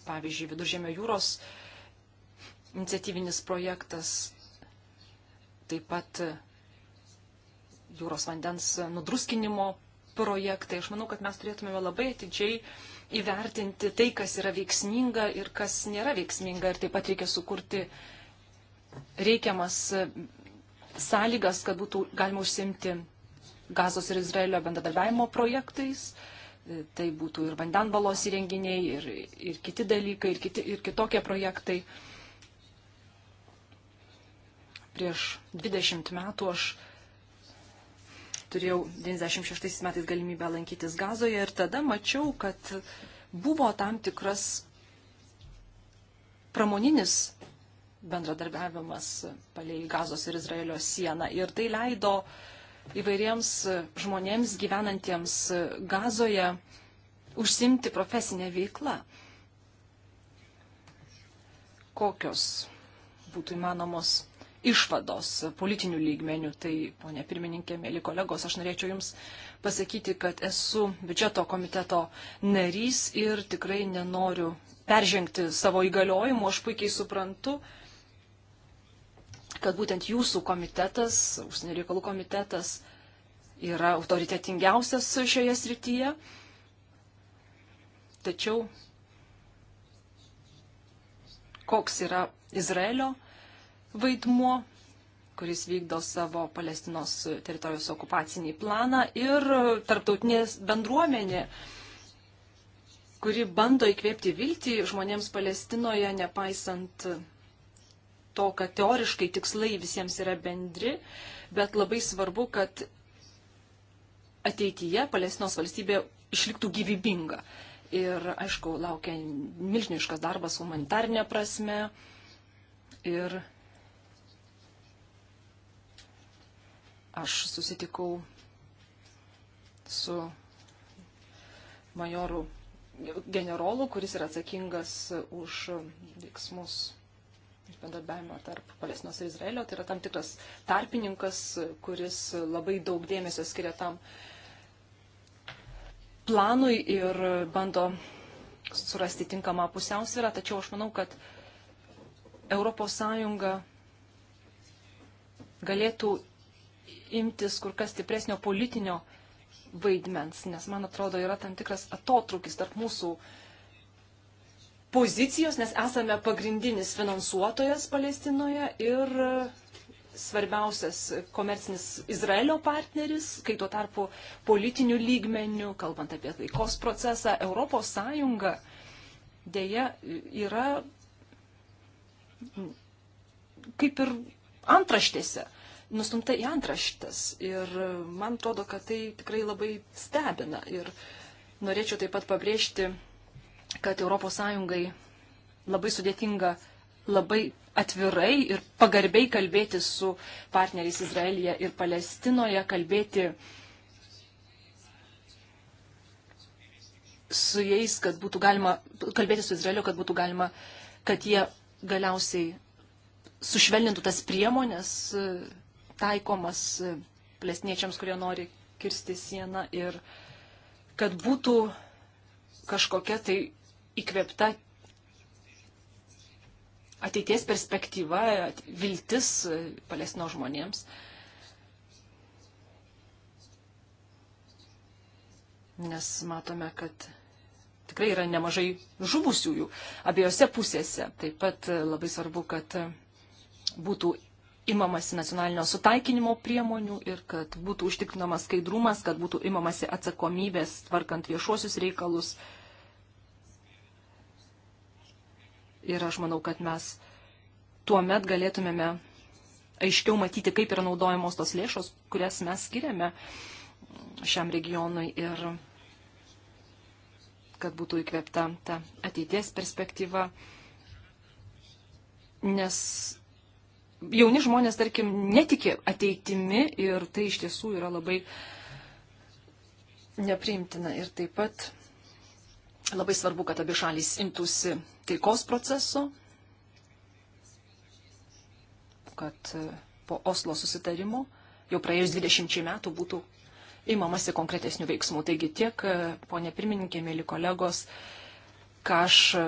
Pavyzdžiui, Viduržėmio jūros iniciatyvinis projektas taip pat jūros vandens nudruskinimo projektai. Aš manau, kad mes turėtumėme labai atidžiai įvertinti tai, kas yra veiksminga ir kas nėra veiksminga. Ir taip pat reikia sukurti reikiamas sąlygas, kad būtų galima užsimti gazos ir Izraelio bendradarbiavimo projektais. Tai būtų ir vandenbalos įrenginiai, ir, ir kiti dalykai, ir, kiti, ir kitokie projektai. Prieš 20 metų aš turėjau 96 metais galimybę lankytis gazoje ir tada mačiau, kad buvo tam tikras pramoninis bendradarbiavimas palei gazos ir Izraelio sieną. Ir tai leido įvairiems žmonėms gyvenantiems gazoje užsimti profesinę veiklą. Kokios būtų įmanomos išvados politinių lygmenių. Tai, ponė pirmininkė, mėly kolegos, aš norėčiau Jums pasakyti, kad esu biudžeto komiteto narys ir tikrai nenoriu peržengti savo įgaliojimų. Aš puikiai suprantu, kad būtent Jūsų komitetas, užsienio reikalų komitetas, yra autoritetingiausias šioje srityje. Tačiau koks yra Izraelio vaidmuo, kuris vykdo savo Palestinos teritorijos okupacinį planą ir tarptautinės bendruomenė, kuri bando įkvėpti viltį žmonėms Palestinoje, nepaisant to, kad teoriškai tikslai visiems yra bendri, bet labai svarbu, kad ateityje Palestinos valstybė išliktų gyvybinga. Ir, aišku, laukia milžiniškas darbas humanitarinė prasme. Ir Aš susitikau su majoru generolu, kuris yra atsakingas už veiksmus ir bendarbiavimą tarp Palestinos ir Izraelio. Tai yra tam tikras tarpininkas, kuris labai daug dėmesio skiria tam planui ir bando surasti tinkamą pusiausvyrą. Tačiau aš manau, kad ES galėtų imtis kur kas stipresnio politinio vaidmens, nes man atrodo yra tam tikras atotrukis tarp mūsų pozicijos, nes esame pagrindinis finansuotojas Palestinoje ir e, svarbiausias komercinis Izraelio partneris, kai tuo tarpu politinių lygmenių, kalbant apie taikos procesą, Europos Sąjunga dėja yra kaip ir antraštėse nustumta į antraštas. Ir man atrodo, kad tai tikrai labai stebina. Ir norėčiau taip pat pabrėžti, kad ES labai sudėtinga, labai atvirai ir pagarbiai kalbėti su partneriais Izraelija ir Palestinoje, kalbėti su jais, kad būtų galima, kalbėti su Izraeliu, kad būtų galima, kad jie galiausiai sušvelnintų tas priemonės, taikomas e, plėsniečiams, kurie nori kirsti sieną ir kad būtų kažkokia tai įkvėpta ateities perspektyva, viltis e, Palestino žmonėms. Nes matome, kad tikrai yra nemažai žuvusiųjų abiejose pusėse. Taip pat e, labai svarbu, kad būtų imamasi nacionalinio sutaikinimo priemonių ir kad būtų užtikrinamas skaidrumas, kad būtų imamasi atsakomybės tvarkant viešuosius reikalus. Ir aš manau, kad mes tuo met galėtumėme aiškiau matyti, kaip yra naudojamos tos lėšos, kurias mes skiriame šiam regionui ir kad būtų įkvepta ta ateities perspektyva. Nes jauni žmonės, tarkim, netiki ateitimi ir tai iš tiesų yra labai nepriimtina. Ir taip pat labai svarbu, kad abi šalys imtųsi taikos proceso, kad e, po Oslo susitarimo jau praėjus 20 metų būtų imamasi konkretesnių veiksmų. Taigi tiek, e, ponė pirmininkė, mėly kolegos, ką aš e,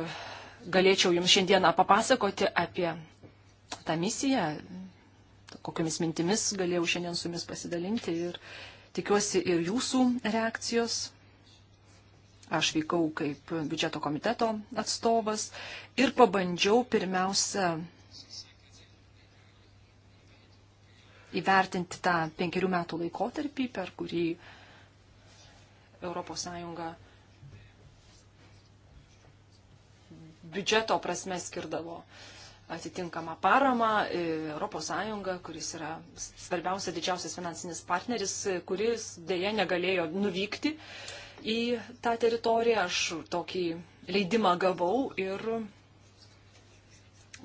galėčiau Jums šiandieną papasakoti apie tą misiją, kokiamis mintimis galėjau šiandien su jumis pasidalinti ir tikiuosi ir jūsų reakcijos. Aš vykau kaip biudžeto komiteto atstovas ir pabandžiau pirmiausia įvertinti tą penkerių metų laikotarpį, per kurį ES biudžeto prasme skirdavo uh, atitinkamą paramą. ES, kuris yra svarbiausia didžiausias finansinis partneris, e, kuris dėja negalėjo nuvykti į tą teritoriją. Aš tokį leidimą gavau ir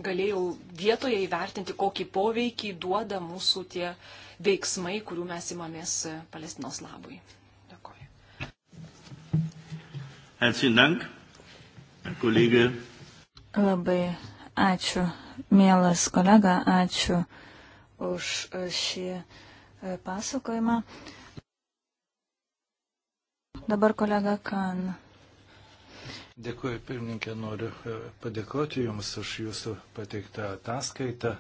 galėjau vietoje įvertinti, kokį poveikį duoda mūsų tie veiksmai, kurių mes imamės e, Palestinos labui. Dėkoju. Labai Ačiū, mielas kolega, ačiū už šį e, pasakojimą. Dabar kolega Kan. Dėkuoju, pirmininkė, noriu e, padėkoti Jums už Jūsų pateiktą ataskaitą.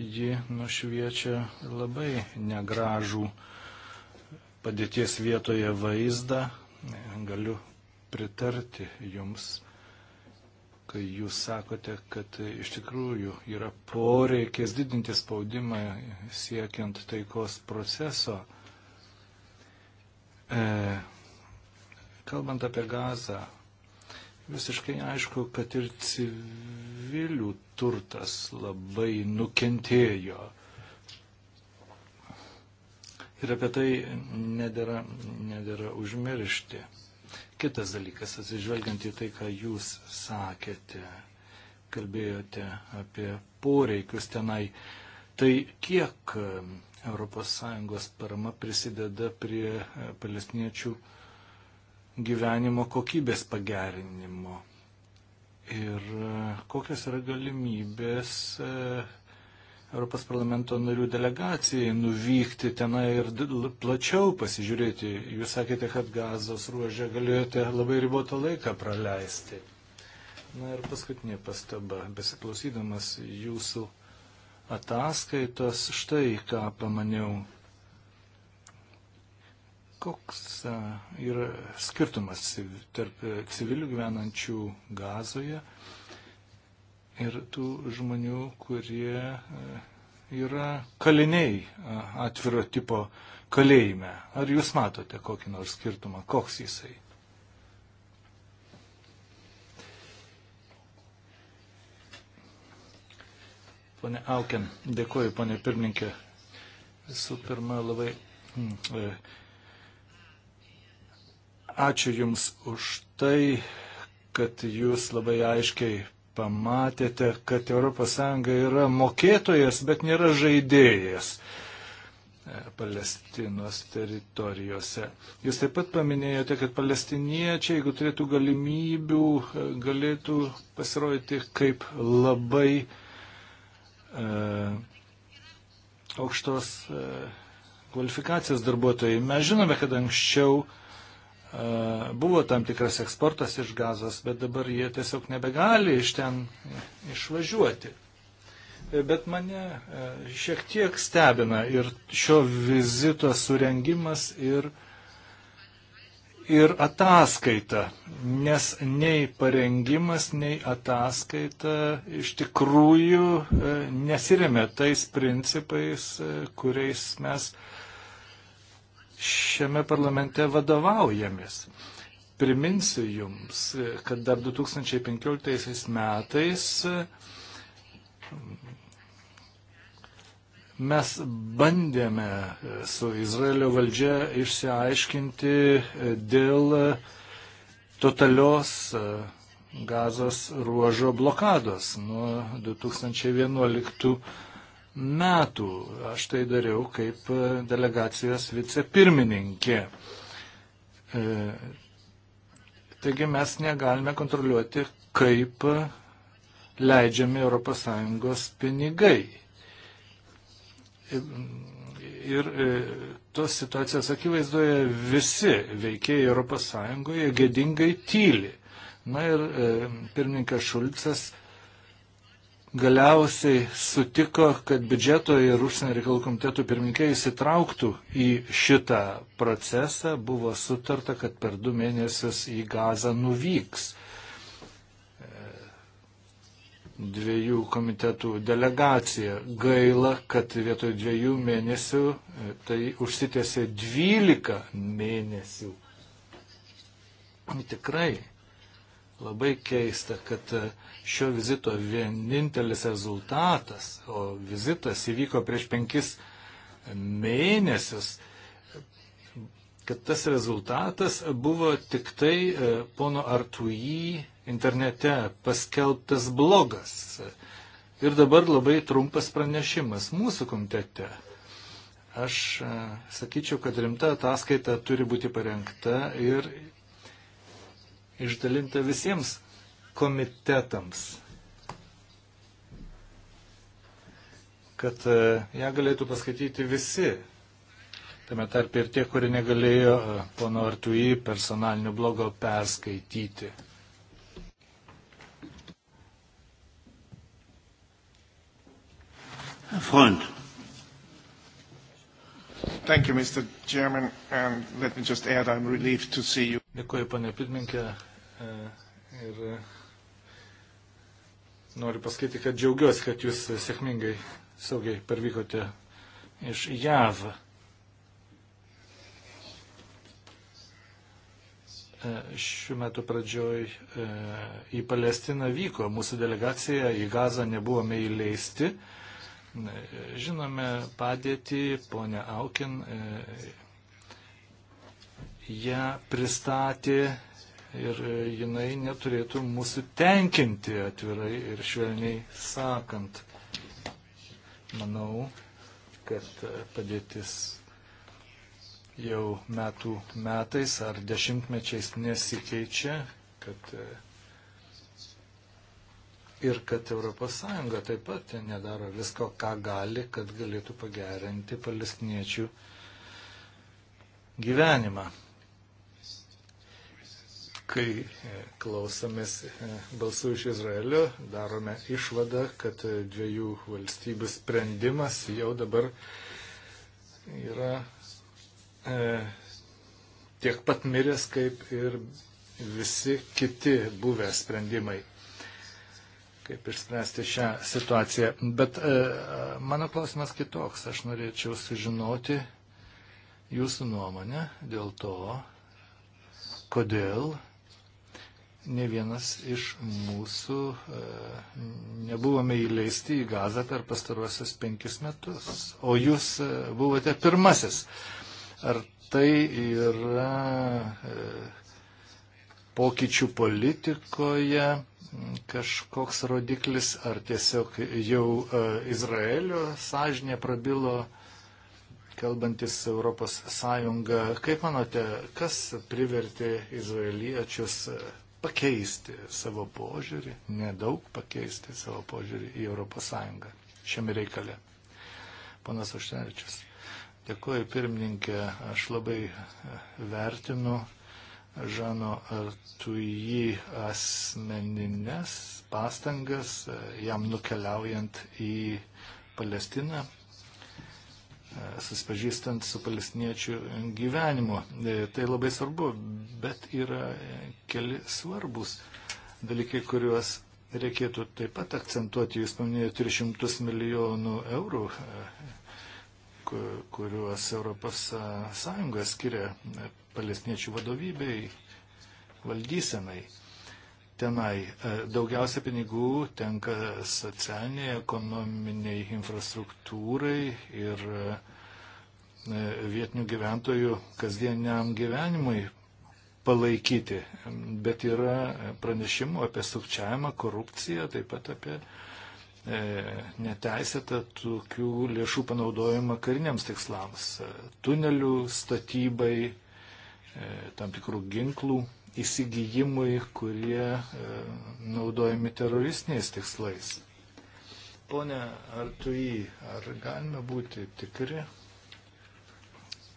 Ji nušviečia labai negražų padėties vietoje vaizdą. Galiu pritarti Jums kai jūs sakote, kad iš tikrųjų yra poreikis didinti spaudimą siekiant taikos proceso. E, kalbant apie gazą, visiškai aišku, kad ir civilių turtas labai nukentėjo. Ir apie tai nedėra, nedėra užmiršti. Kitas dalykas, atsižvelgiant į tai, ką jūs sakėte, kalbėjote apie poreikius tenai, tai kiek um, ES parama prisideda prie e, palestiniečių gyvenimo kokybės pagerinimo ir e, kokios yra galimybės e, Europos parlamento narių delegacijai nuvykti tenai ir plačiau pasižiūrėti. Jūs sakėte, kad gazos ruožė galėjote labai ribotą laiką praleisti. Na ir paskutinė pastaba, besiklausydamas jūsų ataskaitos, štai ką pamaniau. Koks yra skirtumas tarp e, civilių gyvenančių gazoje? ir tų žmonių, kurie e, yra kaliniai e, atviro tipo kalėjime. Ar jūs matote kokį nors skirtumą, koks jisai? Pone Auken, dėkuoju, pone pirmininkė. Visų pirma, labai hmm, e, ačiū Jums už tai, kad Jūs labai aiškiai pamatėte, kad ES yra mokėtojas, bet nėra žaidėjas e, Palestinos teritorijose. Jūs taip pat paminėjote, kad palestiniečiai, jeigu turėtų galimybių, e, galėtų pasirodyti kaip labai e, aukštos e, kvalifikacijos darbuotojai. Mes žinome, kad anksčiau e, Buvo tam tikras eksportas iš gazos, bet dabar jie tiesiog nebegali iš ten išvažiuoti. Bet mane šiek tiek stebina ir šio vizito surengimas ir, ir ataskaita, nes nei parengimas, nei ataskaita iš tikrųjų nesiremia tais principais, kuriais mes šiame parlamente vadovaujamės. Priminsiu Jums, kad dar 2015 metais mes bandėme su Izraelio valdžia išsiaiškinti dėl totalios gazos ruožo blokados nuo 2011 metų metų. Aš tai dariau kaip e, delegacijos vicepirmininkė. E, taigi mes negalime kontroliuoti, kaip leidžiami ES pinigai. Ir e, tos situacijos akivaizdoje visi veikėjai ES gėdingai tyli. Na ir pirmininkas Šulcas galiausiai sutiko, kad biudžeto ir užsienio reikalų komitetų pirmininkai įsitrauktų į šitą procesą. Buvo sutarta, kad per du mėnesius į gazą nuvyks e, dviejų komitetų delegacija. Gaila, kad vietoj dviejų mėnesių e, tai užsitėsi dvylika mėnesių. Tikrai Labai keista, kad e, šio vizito vienintelis rezultatas, o vizitas įvyko prieš penkis mėnesius, kad tas rezultatas buvo tik tai e, pono Artui internete paskelbtas blogas. Ir dabar labai trumpas pranešimas mūsų komitete. Aš e, sakyčiau, kad rimta ataskaita turi būti parengta ir išdalinta visiems komitetams, kad e, ją galėtų paskaityti visi, tame tarp ir tie, kurie negalėjo e, pono Artui personalinio blogo perskaityti. Freund. Thank you, Mr. Chairman, and let me just add, I'm relieved to see you. Dėkuoju, pane pirmininkė, E, ir e, noriu pasakyti, kad džiaugiuosi, kad jūs sėkmingai, saugiai parvykote iš JAV. E, šiuo metu pradžioj į Palestiną vyko mūsų delegacija, į Gazą nebuvome įleisti. Žinome padėtį, ponia Aukin ją pristatė ir jinai neturėtų mūsų tenkinti atvirai ir švelniai sakant. Manau, kad padėtis jau metų metais ar dešimtmečiais nesikeičia, kad ir kad ES taip pat nedaro visko, ką gali, kad galėtų pagerinti palestiniečių gyvenimą kai e, klausomės e, balsų iš Izraelio, darome išvadą, kad e, dviejų valstybių sprendimas jau dabar yra e, tiek pat miręs, kaip ir visi kiti buvę sprendimai, kaip išspręsti šią situaciją. Bet e, mano klausimas kitoks. Aš norėčiau sužinoti jūsų nuomonę dėl to, kodėl ne vienas iš mūsų e, nebuvome įleisti į gazą per pastaruosius penkis metus, o jūs e, buvote pirmasis. Ar tai yra e, pokyčių politikoje kažkoks rodiklis, ar tiesiog jau Izraelio sąžinė prabilo kalbantis Europos Sąjunga. Kaip manote, kas privertė izraeliečius pakeisti savo požiūrį, nedaug pakeisti savo požiūrį į ES šiame reikale. Panas Užtevičius, dėkuoju pirmininkė, aš labai e, vertinu Žano Artuji asmeninės pastangas e, jam nukeliaujant į Palestiną E, suspažįstant su palestiniečių gyvenimu. E, tai labai svarbu, bet yra keli svarbus dalykai, kuriuos reikėtų taip pat akcentuoti. Jūs paminėjote 300 milijonų eurų, e, kuriuos ES skiria palestiniečių vadovybei, valdysenai tenai. E, daugiausia pinigų tenka socialiniai, ekonominiai infrastruktūrai ir e, e, vietinių gyventojų kasdieniam gyvenimui palaikyti. Bet yra pranešimų apie sukčiavimą, korupciją, taip pat apie neteisėtą tokių lėšų panaudojimą kariniams tikslams - tunelių statybai, tam tikrų ginklų įsigijimui, kurie e, naudojami teroristiniais tikslais. Pone Artui, ar galime būti tikri,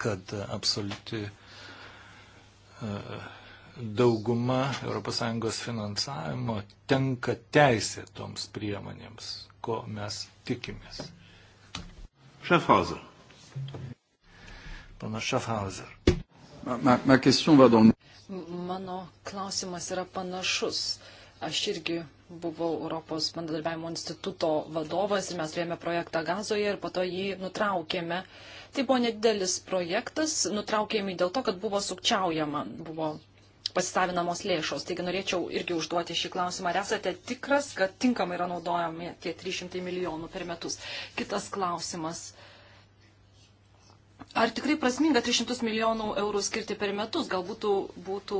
kad absoliuti e, dauguma ES finansavimo tenka teisė toms priemonėms, ko mes tikimės? Schaffhauser. Pana Schaffhauser. Ma, ma, ma question va dans le... Mano klausimas yra panašus. Aš irgi buvau Europos bendradarbiavimo instituto vadovas ir mes turėjome projektą Gazoje ir po to jį nutraukėme. Tai buvo nedidelis projektas, nutraukėme dėl to, kad buvo sukčiaujama, buvo pasisavinamos lėšos. Taigi norėčiau irgi užduoti šį klausimą. Ar esate tikras, kad tinkamai yra naudojami tie 300 milijonų per metus? Kitas klausimas. Ar tikrai prasminga 300 milijonų eurų skirti per metus? Galbūt būtų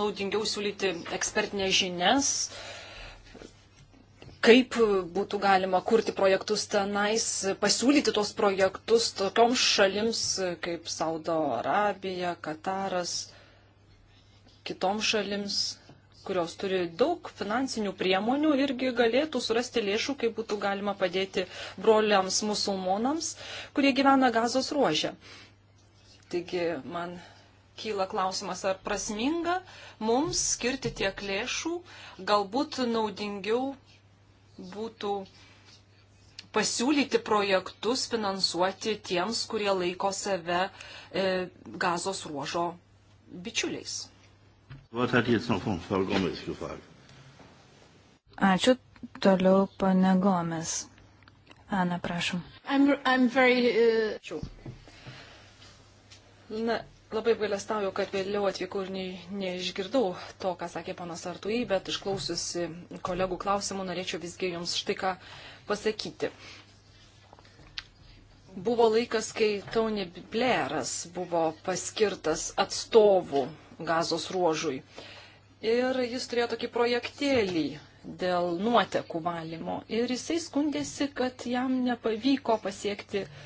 naudingiau siūlyti ekspertinės žinias, kaip būtų galima kurti projektus tenais, pasiūlyti tos projektus tokioms šalims kaip Saudo Arabija, Kataras, kitoms šalims, kurios turi daug finansinių priemonių, irgi galėtų surasti lėšų, kaip būtų galima padėti broliams musulmonams, kurie gyvena gazos ruožė. Taigi man kyla klausimas, ar prasminga mums skirti tiek lėšų, galbūt naudingiau būtų pasiūlyti projektus finansuoti tiems, kurie laiko save e, gazos ruožo bičiuliais. Ačiū. Toliau pane Gomes. Ana, prašom. I'm, I'm very, uh... Na, labai gailestauju, kad vėliau atvykau ir ne, neišgirdau to, ką sakė panas Artui, bet išklausiusi kolegų klausimų norėčiau visgi jums štai ką pasakyti. Buvo laikas, kai Tony Blairas buvo paskirtas atstovų gazos ruožui. Ir jis turėjo tokį projektėlį dėl nuotekų valymo. Ir jisai skundėsi, kad jam nepavyko pasiekti uh,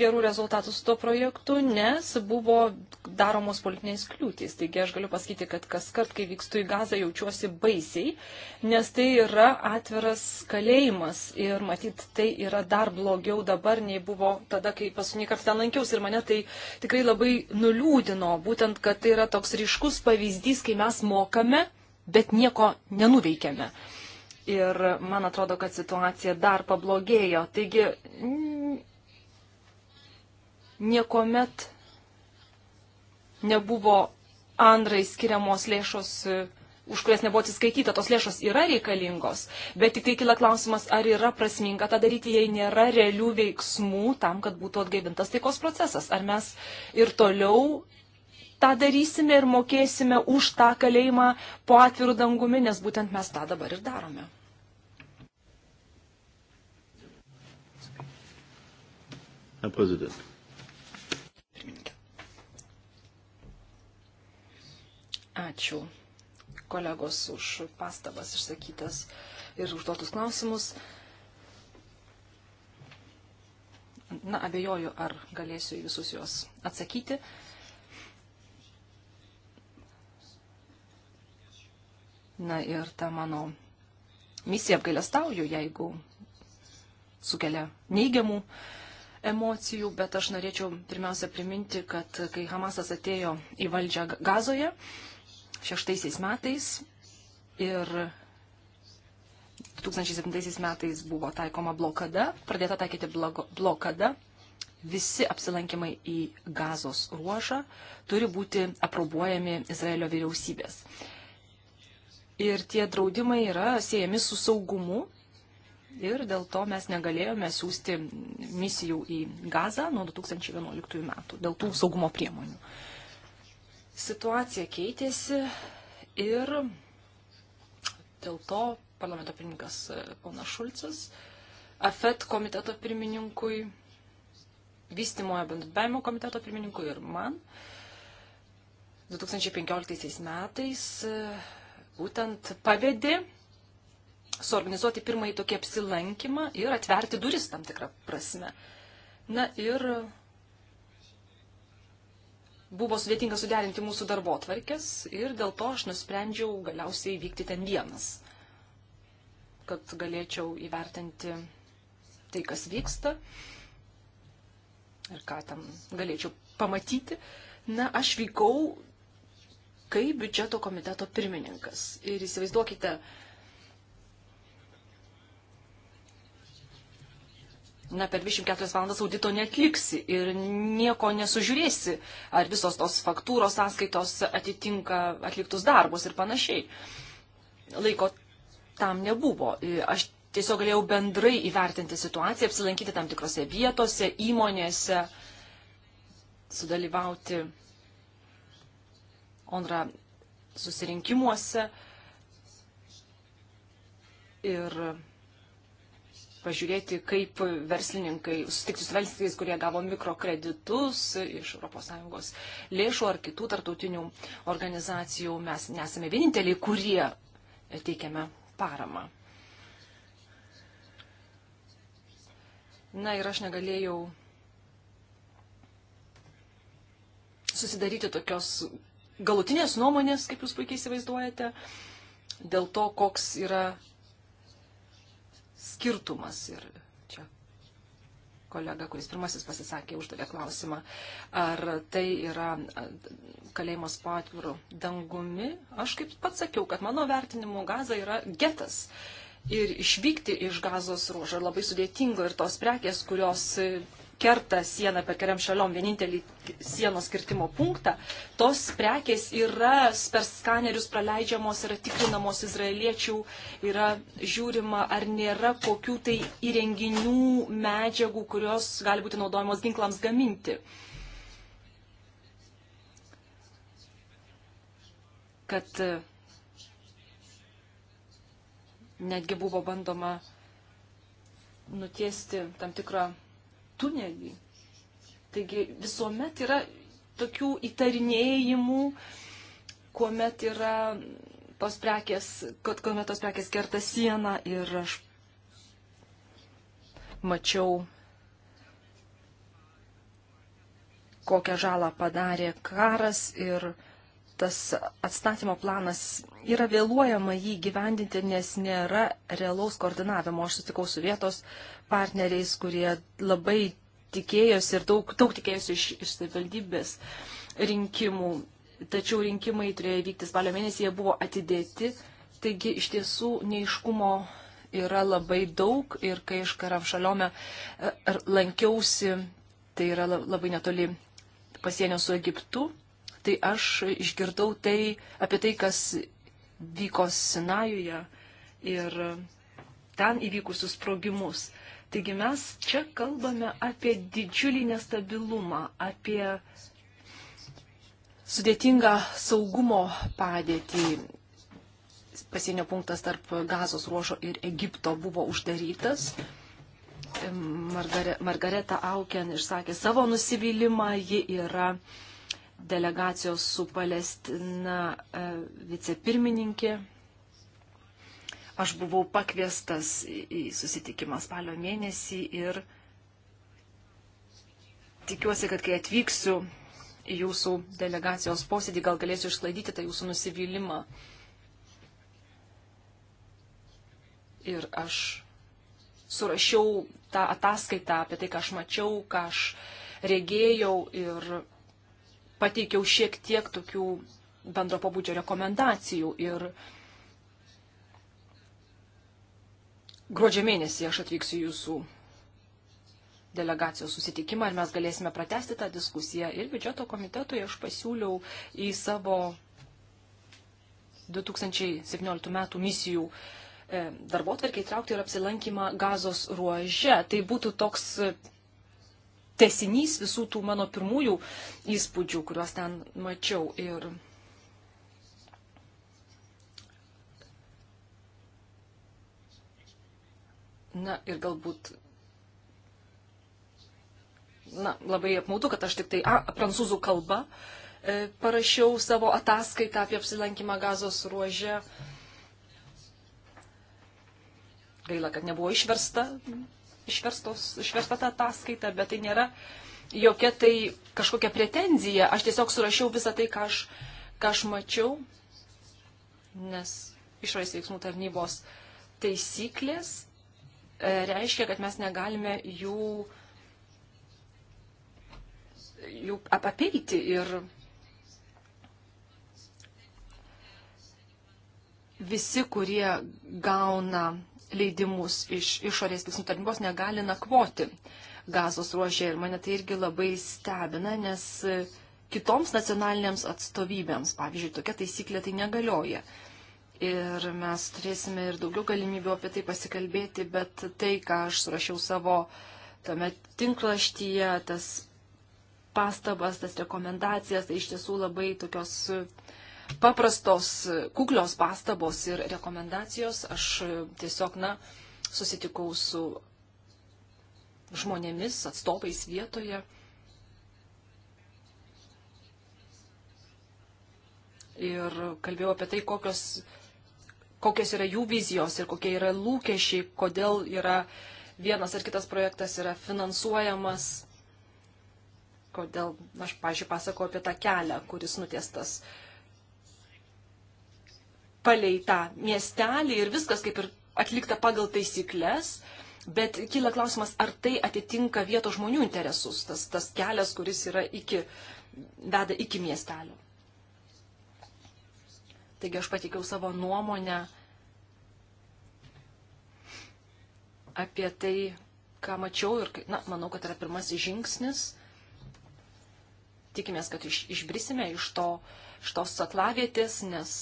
gerų rezultatų su tuo projektu, nes buvo daromos politinės kliūtys. Taigi aš galiu pasakyti, kad kas kart, kai vykstu į gazą, jaučiuosi baisiai, nes tai yra atviras kalėjimas ir matyt, tai yra dar blogiau dabar, nei buvo tada, kai paskutinį kartą ten lankiausi ir mane tai tikrai labai nuliūdino, būtent, kad tai yra toks ryškus pavyzdys, kai mes mokame, bet nieko nenuveikiame. Ir man atrodo, kad situacija dar pablogėjo. Taigi niekuomet nebuvo Andrai skiriamos lėšos, e, už kurias nebuvo atsiskaityta, tos lėšos yra reikalingos, bet tik tai kila klausimas, ar yra prasminga tą daryti, jei nėra realių veiksmų tam, kad būtų atgaivintas taikos procesas. Ar mes ir toliau tą darysime ir mokėsime už tą kalėjimą po atvirų dangumi, nes būtent mes tą dabar ir darome. Herr Präsident. Ačiū kolegos už pastabas išsakytas ir užduotus klausimus. Na, abejoju, ar galėsiu į visus juos atsakyti. Na ir ta mano misija apgailestauju, jeigu sukelia neigiamų emocijų, bet aš norėčiau pirmiausia priminti, kad kai Hamasas atėjo į valdžią Gazoje, 2006 metais ir 2007 metais buvo taikoma blokada, pradėta taikyti blokada. Visi apsilankimai į gazos ruožą turi būti aprobuojami Izraelio vyriausybės. Ir tie draudimai yra siejami su saugumu ir dėl to mes negalėjome siūsti misijų į Gazą nuo 2011 metų dėl tų saugumo priemonių. Uh, situacija keitėsi ir dėl to parlamento pirmininkas e, Ponas Šulcas, AFET komiteto pirmininkui, vystimojo bendradarbiavimo komiteto pirmininkui ir man 2015 metais e, būtent pavedė suorganizuoti pirmąjį tokį apsilankymą ir atverti duris tam tikrą prasme. Na ir buvo sudėtinga suderinti mūsų darbo tvarkės ir dėl to aš nusprendžiau galiausiai vykti ten vienas, kad galėčiau įvertinti tai, kas vyksta ir ką ten galėčiau pamatyti. Na, aš vykau kaip biudžeto komiteto pirmininkas. Ir įsivaizduokite, uh, na, per 24 valandas audito netliksi ir nieko nesužiūrėsi, ar visos tos faktūros sąskaitos atitinka atliktus darbus ir panašiai. Laiko tam nebuvo. Aš tiesiog galėjau bendrai įvertinti situaciją, apsilankyti tam tikrose vietose, įmonėse, sudalyvauti onra susirinkimuose. Ir pažiūrėti, kaip verslininkai, susitikti su verslininkais, kurie gavo mikrokreditus iš ES lėšų ar kitų tartutinių organizacijų. Mes nesame vieninteliai, kurie teikiame paramą. Na ir aš negalėjau susidaryti tokios galutinės nuomonės, kaip jūs puikiai įsivaizduojate, dėl to, koks yra skirtumas. Ir čia kolega, kuris pirmasis pasisakė, uždavė klausimą, ar tai yra kalėjimas po atviru dangumi. Aš kaip pats sakiau, kad mano vertinimu Gaza yra getas. Ir išvykti iš gazos ruožo labai sudėtinga ir tos prekės, kurios kerta sieną per keriam šaliom vienintelį sienos kirtimo punktą, tos prekės yra per skanerius praleidžiamos, yra tikrinamos izraeliečių, yra žiūrima, ar nėra kokių tai įrenginių, medžiagų, kurios gali būti naudojamos ginklams gaminti. Kad e, netgi buvo bandoma nutiesti tam tikrą tunelį. Taigi visuomet yra tokių įtarinėjimų, kuomet yra tos prekės, kad kuomet tos prekės kerta sieną ir aš mačiau, kokią žalą padarė karas ir tas atstatymo planas yra vėluojama jį gyvendinti, nes nėra realaus koordinavimo. Aš sutikau su vietos partneriais, kurie labai tikėjosi ir daug, daug tikėjosi iš, iš savivaldybės rinkimų. Tačiau rinkimai turėjo vykti spalio mėnesį, jie buvo atidėti. Taigi iš tiesų neiškumo yra labai daug ir kai iš Karavšaliome e, lankiausi, tai yra labai netoli pasienio su Egiptu, tai aš išgirdau tai apie tai, kas vyko Sinajuje ir ten įvykusius sprogimus. Taigi mes čia kalbame apie didžiulį nestabilumą, apie sudėtingą saugumo padėtį. Pasienio punktas tarp Gazos ruožo ir Egipto buvo uždarytas. Margare, Margareta Auken išsakė savo nusivylimą, ji yra uh, delegacijos su Palestina e, vicepirmininkė. Aš buvau pakviestas į susitikimą spalio mėnesį ir tikiuosi, kad kai atvyksiu į jūsų delegacijos posėdį, gal galėsiu išsklaidyti tą jūsų nusivylimą. Ir aš surašiau tą ataskaitą apie tai, ką aš mačiau, ką aš regėjau ir pateikiau šiek tiek tokių bendro pabudžio rekomendacijų ir gruodžio mėnesį aš atvyksiu jūsų delegacijos susitikimą ir mes galėsime pratesti tą diskusiją. Ir biudžeto komitetui aš pasiūliau į savo 2017 metų misijų e, darbo tvarkiai traukti ir apsilankymą gazos ruože. Tai būtų toks tesinys visų tų mano pirmųjų įspūdžių, kuriuos ten mačiau. Ir Na ir galbūt, na, labai apmaudu, kad aš tik tai a, prancūzų kalba e, parašiau savo ataskaitą apie apsilankimą gazos ruožę. Gaila, kad nebuvo išversta išversta ta ataskaita, bet tai nėra jokia tai kažkokia pretenzija. Aš tiesiog surašiau visą tai, ką aš, ką aš mačiau, nes išorės veiksmų tarnybos taisyklės e, reiškia, kad mes negalime jų, jų apeiti ir visi, kurie gauna leidimus iš išorės veiksmų tarnybos negali nakvoti gazos ruožė. Ir mane tai irgi labai stebina, nes kitoms nacionalinėms atstovybėms, pavyzdžiui, tokia taisyklė tai negalioja. Ir mes turėsime ir daugiau galimybių apie tai pasikalbėti, bet tai, ką aš surašiau savo tame tinklaštyje, tas pastabas, tas rekomendacijas, tai iš tiesų labai tokios paprastos, kuklios pastabos ir rekomendacijos. Aš e, tiesiog, na, susitikau su žmonėmis, atstovais vietoje. Ir kalbėjau apie tai, kokios, kokios yra jų vizijos ir kokie yra lūkesčiai, kodėl yra vienas ar kitas projektas yra finansuojamas, kodėl, aš, pažiūrėjau, pasakau apie tą kelią, kuris nutiestas uh, palei tą miestelį ir viskas kaip ir atlikta pagal taisyklės. Bet kyla klausimas, ar tai atitinka vietos žmonių interesus, tas, tas kelias, kuris yra iki, veda iki miestelio. Taigi aš pateikiau savo nuomonę apie tai, ką mačiau ir, na, manau, kad yra pirmasis žingsnis. Tikimės, kad iš, išbrisime iš, to, iš tos aklavietės, nes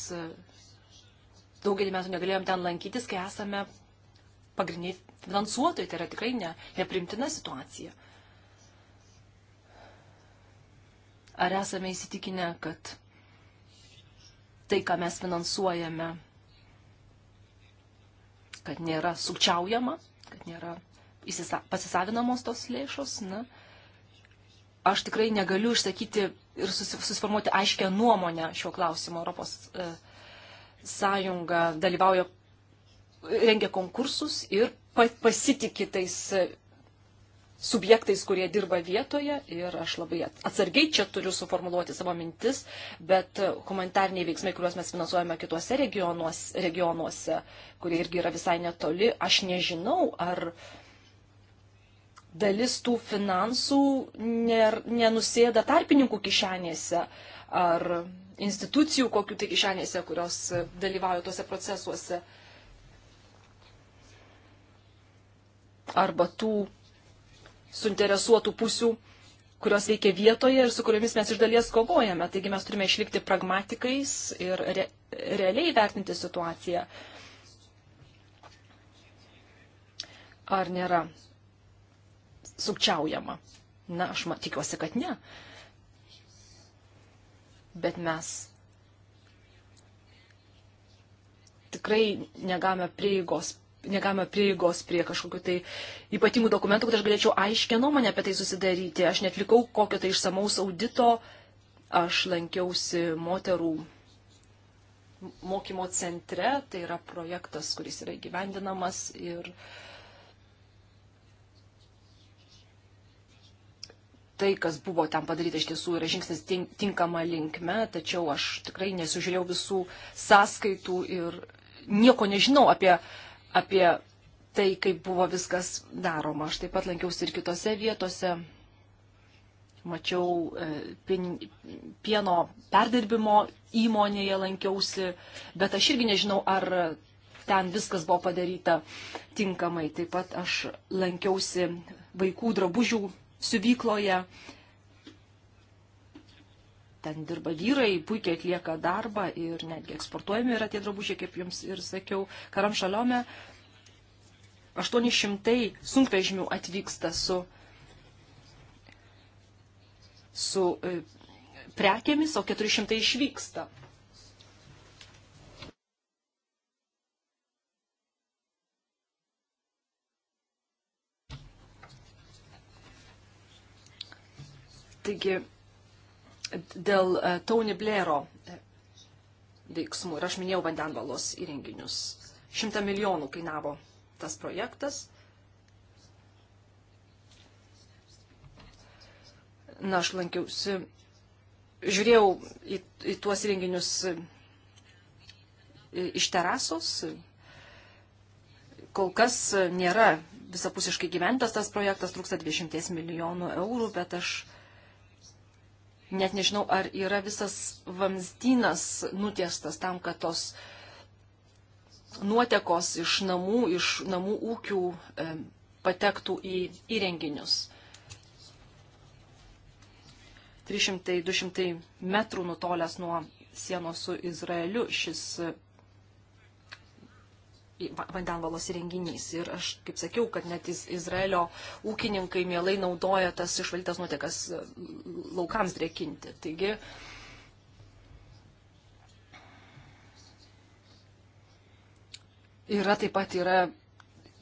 daugelį metų negalėjom ten lankytis, kai esame pagrindiniai finansuotojai. Tai yra tikrai ne, neprimtina situacija. Ar esame įsitikinę, kad tai, ką mes finansuojame, kad nėra sukčiaujama, kad nėra pasisavinamos tos lėšos. Na, aš tikrai negaliu išsakyti ir susiformuoti aiškę nuomonę šiuo klausimu Europos. E, sąjunga dalyvauja, rengia konkursus ir pasitikė tais e, subjektais, kurie dirba vietoje ir aš labai atsargiai čia turiu suformuluoti savo mintis, bet e, humanitariniai veiksmai, kuriuos mes finansuojame kituose regionuose, regionuose, kurie irgi yra visai netoli, aš nežinau, ar dalis tų finansų ner, nenusėda tarpininkų kišenėse, ar institucijų, kokių tai kišenėse, kurios e, dalyvauja tuose procesuose. Arba tų suinteresuotų pusių, kurios veikia vietoje ir su kuriomis mes iš dalies kovojame. Taigi mes turime išlikti pragmatikais ir re, realiai vertinti situaciją. Ar nėra sukčiaujama? Na, aš tikiuosi, kad ne. Uh, bet mes tikrai negavome prieigos negavome prieigos prie kažkokių tai ypatingų dokumentų, kad aš galėčiau aiškę nuomonę apie tai susidaryti. Aš netlikau kokio tai išsamaus audito, aš lankiausi moterų mokymo centre, tai yra projektas, kuris yra įgyvendinamas ir uh, tai, kas buvo ten padaryta, iš tiesų yra žingsnis tinkama linkme, tačiau aš tikrai nesužiūrėjau visų sąskaitų ir nieko nežinau apie, apie tai, kaip buvo viskas daroma. Aš taip pat lankiausi ir kitose vietose. Mačiau e, pieno perdirbimo įmonėje lankiausi, bet aš irgi nežinau, ar ten viskas buvo padaryta tinkamai. Taip pat aš lankiausi vaikų drabužių siuvykloje. Ten dirba vyrai, puikiai atlieka darbą ir netgi eksportuojami yra tie drabužiai, kaip jums ir sakiau, Karam Šaliome. 800 sunkvežimių atvyksta su, su e, prekėmis, o 400 išvyksta. Taigi, dėl e, Tony Blairo e, veiksmų ir aš minėjau vandenvalos įrenginius. Šimta milijonų kainavo tas projektas. Na, aš lankiausi, žiūrėjau į, į tuos įrenginius e, iš terasos. Kol kas nėra visapusiškai gyventas tas projektas, trūksta 20 milijonų eurų, bet aš net nežinau, ar yra visas vamzdynas nutiestas tam, kad tos nuotekos iš namų, iš namų ūkių e, patektų į įrenginius. 300-200 metrų nutolęs nuo sienos su Izraeliu šis vandenvalos įrenginys. Ir aš kaip sakiau, kad net iz Izraelio ūkininkai mielai naudoja tas išvalytas nuotekas e, laukams drėkinti. Taigi, yra taip pat yra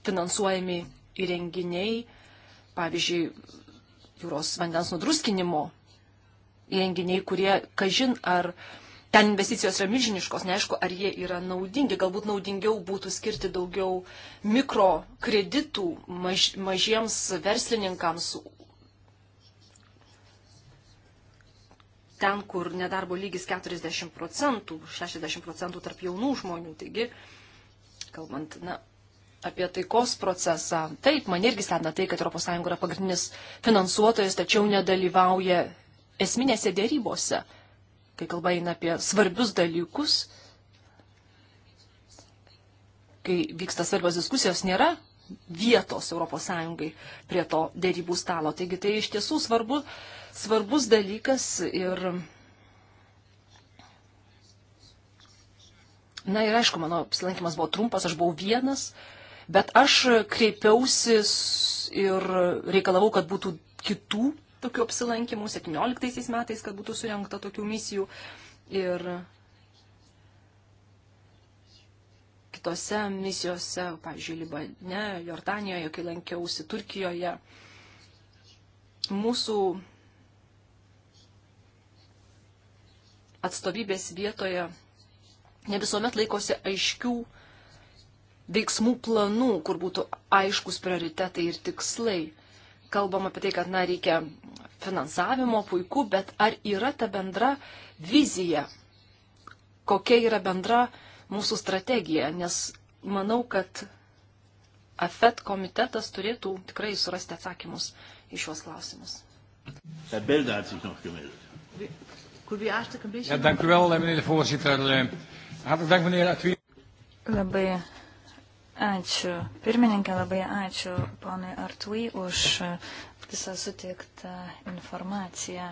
finansuojami įrenginiai, pavyzdžiui, jūros vandens nudruskinimo įrenginiai, kurie kažin ar uh, ten investicijos yra milžiniškos, neaišku, ar jie yra naudingi, galbūt naudingiau būtų skirti daugiau mikrokreditų maž, mažiems verslininkams, ten, kur nedarbo lygis 40 procentų, 60 procentų tarp jaunų žmonių. Taigi, kalbant na, apie taikos procesą, taip, man irgi stebina tai, kad ES yra pagrindinis finansuotojas, tačiau nedalyvauja esminėse dėrybose kai kalba eina apie svarbius dalykus, kai vyksta svarbios diskusijos, nėra vietos ES prie to dėrybų stalo. Taigi tai iš tiesų svarbu, svarbus dalykas ir. Na ir aišku, mano apsilankimas buvo trumpas, aš buvau vienas, bet aš kreipiausi ir reikalavau, kad būtų kitų tokių apsilankimų, 17 metais, kad būtų surinkta tokių misijų. Ir kitose misijose, pavyzdžiui, Libane, Jordanijoje, kai lankiausi Turkijoje, mūsų atstovybės vietoje ne visuomet laikosi aiškių veiksmų planų, kur būtų aiškus prioritetai ir tikslai kalbam apie tai, kad na, reikia finansavimo, puiku, bet ar yra ta bendra vizija, kokia yra bendra mūsų strategija, nes manau, kad AFET komitetas turėtų tikrai surasti atsakymus į šiuos klausimus. Herr Belder hat sich noch gemeldet. Ja, dank u wel, meneer de voorzitter. Eh, hartelijk dank, meneer Atwi. Labai Ačiū. Pirmininkė, labai ačiū ponui Artui už visą sutiktą informaciją.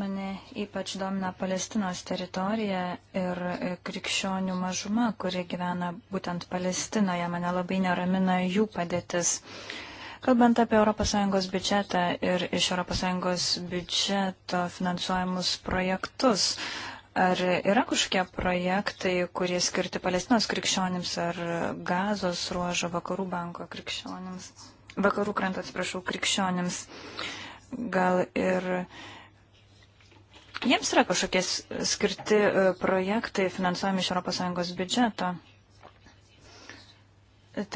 Mane ypač domina Palestinos teritorija ir krikščionių mažuma, kuri gyvena būtent Palestinoje. Mane labai neramina jų padėtis. Kalbant apie ES biudžetą ir iš ES biudžeto finansuojamus projektus, Ar yra kažkokie projektai, kurie skirti Palestinos krikščionims ar gazos ruožo vakarų banko krikščionims, vakarų krantą atsiprašau, krikščionims? Gal ir jiems yra kažkokie skirti e, projektai finansuojami iš ES biudžeto?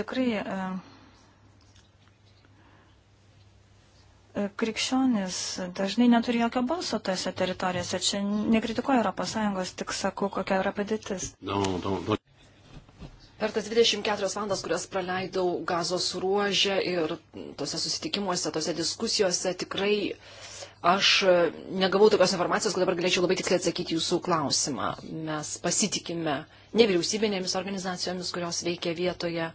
Tikrai e, krikščionis dažnai neturi jokio balso tose teritorijose. Čia nekritikuoju ES, tik sakau, kokia yra padėtis. No, no, no. Per tas 24 valandas, kurias praleidau gazos ruožę ir tose susitikimuose, tose diskusijose, tikrai aš negavau tokios informacijos, kad dabar galėčiau labai tiksliai atsakyti jūsų klausimą. Mes pasitikime nevyriausybinėmis organizacijomis, kurios veikia vietoje,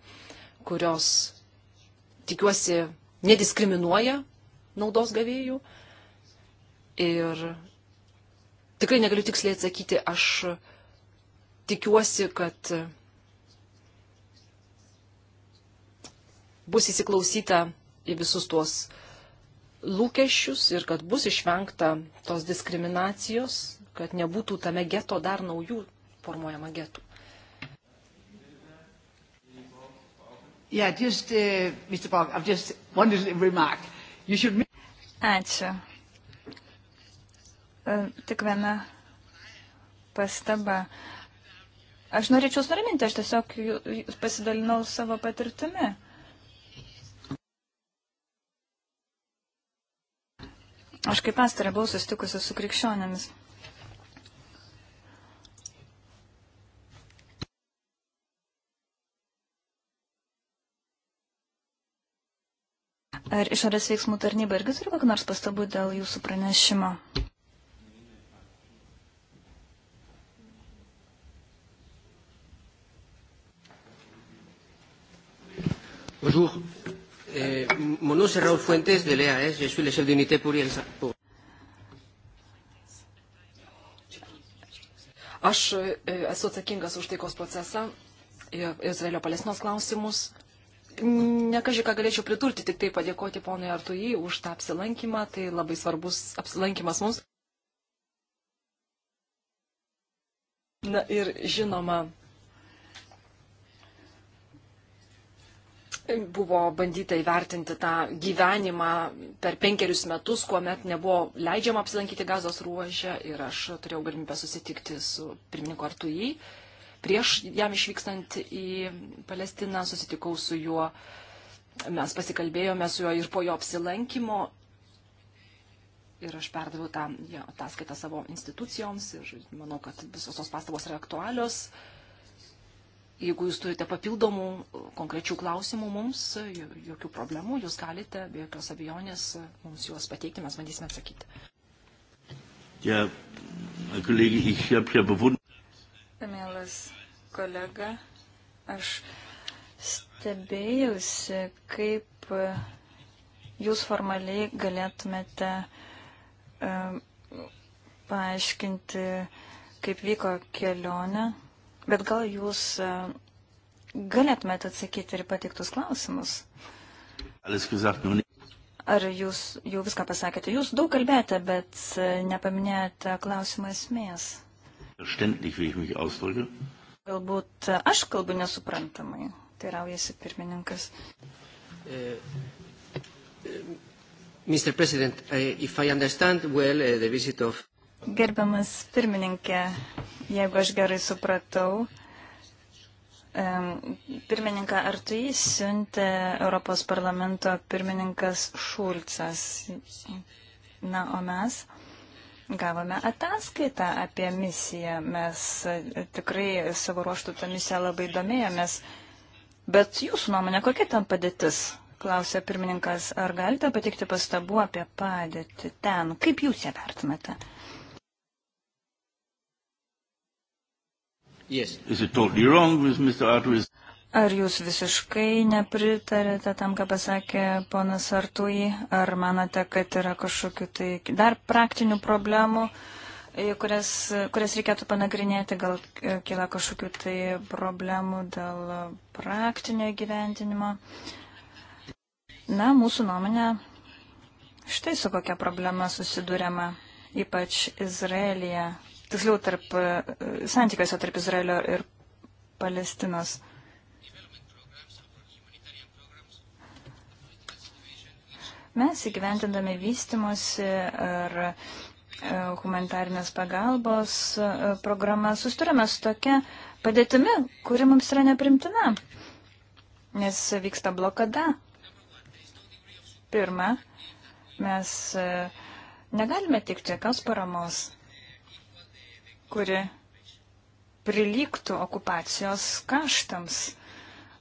kurios, tikiuosi, nediskriminuoja naudos gavėjų. Ir tikrai negaliu tiksliai atsakyti, aš tikiuosi, kad bus įsiklausyta į visus tuos lūkesčius ir kad bus išvengta tos diskriminacijos, kad nebūtų tame geto dar naujų formuojama getų. Yeah, just, uh, Mr. Bog, I've just one little remark. Should... Ačiū. E, tik viena pastaba. Aš norėčiau suraminti, aš tiesiog pasidalinau savo patirtimi. Aš kaip pastarė buvau susitikusi su krikščionėmis. Ar išorės veiksmų tarnyba irgi turi kokį nors pastabų dėl jūsų pranešimo? Bonjour. Eh, mon nom c'est Raoul Fuentes de l'EAS. Je suis le chef d'unité pour IELSA. Pour... Aš eh, esu atsakingas už taikos procesą, Izraelio palestinos klausimus nekažiką galėčiau pridurti, tik tai padėkoti ponui Artui už tą apsilankymą, tai labai svarbus apsilankymas mums. Na ir žinoma, buvo bandyta įvertinti tą gyvenimą per penkerius metus, kuomet nebuvo leidžiama apsilankyti gazos ruožę ir aš turėjau galimybę susitikti su pirmininku Artui. Uh, prieš jam išvykstant į Palestiną susitikau su juo, mes pasikalbėjome su juo ir po jo apsilankimo. Ir aš perdaviau tą ja, ataskaitą savo institucijoms ir manau, kad visos tos pastabos yra aktualios. Jeigu jūs turite papildomų konkrečių klausimų mums, jokių problemų, jūs galite be jokios abejonės mums juos pateikti, mes bandysime atsakyti. Ja, Kollege, ich habe ja bewundert mielas kolega, aš stebėjausi, kaip jūs formaliai galėtumėte e, paaiškinti, kaip vyko kelionė, bet gal jūs e, galėtumėte atsakyti ir patiktus klausimus. Nu Ar jūs jau viską pasakėte? Jūs daug kalbėjote, bet e, nepaminėjote klausimo esmės verständlich, wie ich mich ausdrücke. Galbūt aš kalbu nesuprantamai, teiraujasi pirmininkas. Uh, eh, uh, eh, Mr. President, uh, if I understand well uh, the visit of. Gerbiamas pirmininkė, jeigu aš gerai supratau, um, pirmininką Artui siuntė Europos parlamento pirmininkas Šulcas. Na, o mes. Uh, Gavome ataskaitą apie misiją. Mes e, tikrai savo ruoštų tą misiją labai domėjomės. Bet jūsų nuomonė, kokia ten padėtis? Klausė pirmininkas, ar galite patikti pastabų apie padėtį ten? Kaip jūs ją vertinate? Yes. Is it totally wrong with Mr. Artwist? Ar jūs visiškai nepritarėte tam, ką pasakė ponas Artui, ar manote, kad yra kažkokiu tai dar praktinių problemų, kurias, kurias reikėtų panagrinėti, gal e, kila kažkokiu tai problemų dėl praktinio gyventinimo? Na, mūsų nuomonė, štai su kokia problema susidūrėma, ypač Izraelija, tiksliau tarp, e, santykiuose tarp Izraelio ir Palestinos. Mes įgyventindami vystimosi ar e, humanitarinės pagalbos e, programą susturime su tokia padėtimi, kuri mums yra neprimtina, nes vyksta blokada. Pirma, mes e, negalime tikti jokios paramos, kuri prilygtų okupacijos kaštams.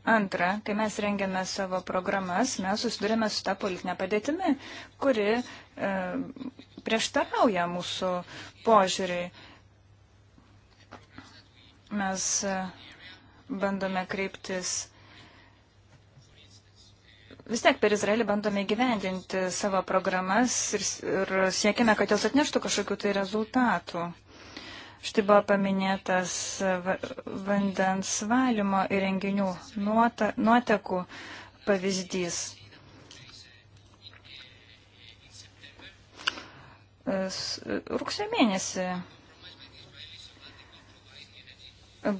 Antra, kai mes rengiame savo programas, mes susidurėme su tą politinę padėtimi, kuri e, prieštarauja mūsų požiūriai. Mes e, bandome kreiptis, vis tiek per Izraelį bandome gyvendinti savo programas ir, ir siekime, kad jos atneštų kažkokiu tai rezultatu. Štai buvo paminėtas vandens valymo įrenginių nuotekų pavyzdys. Rūksio mėnesį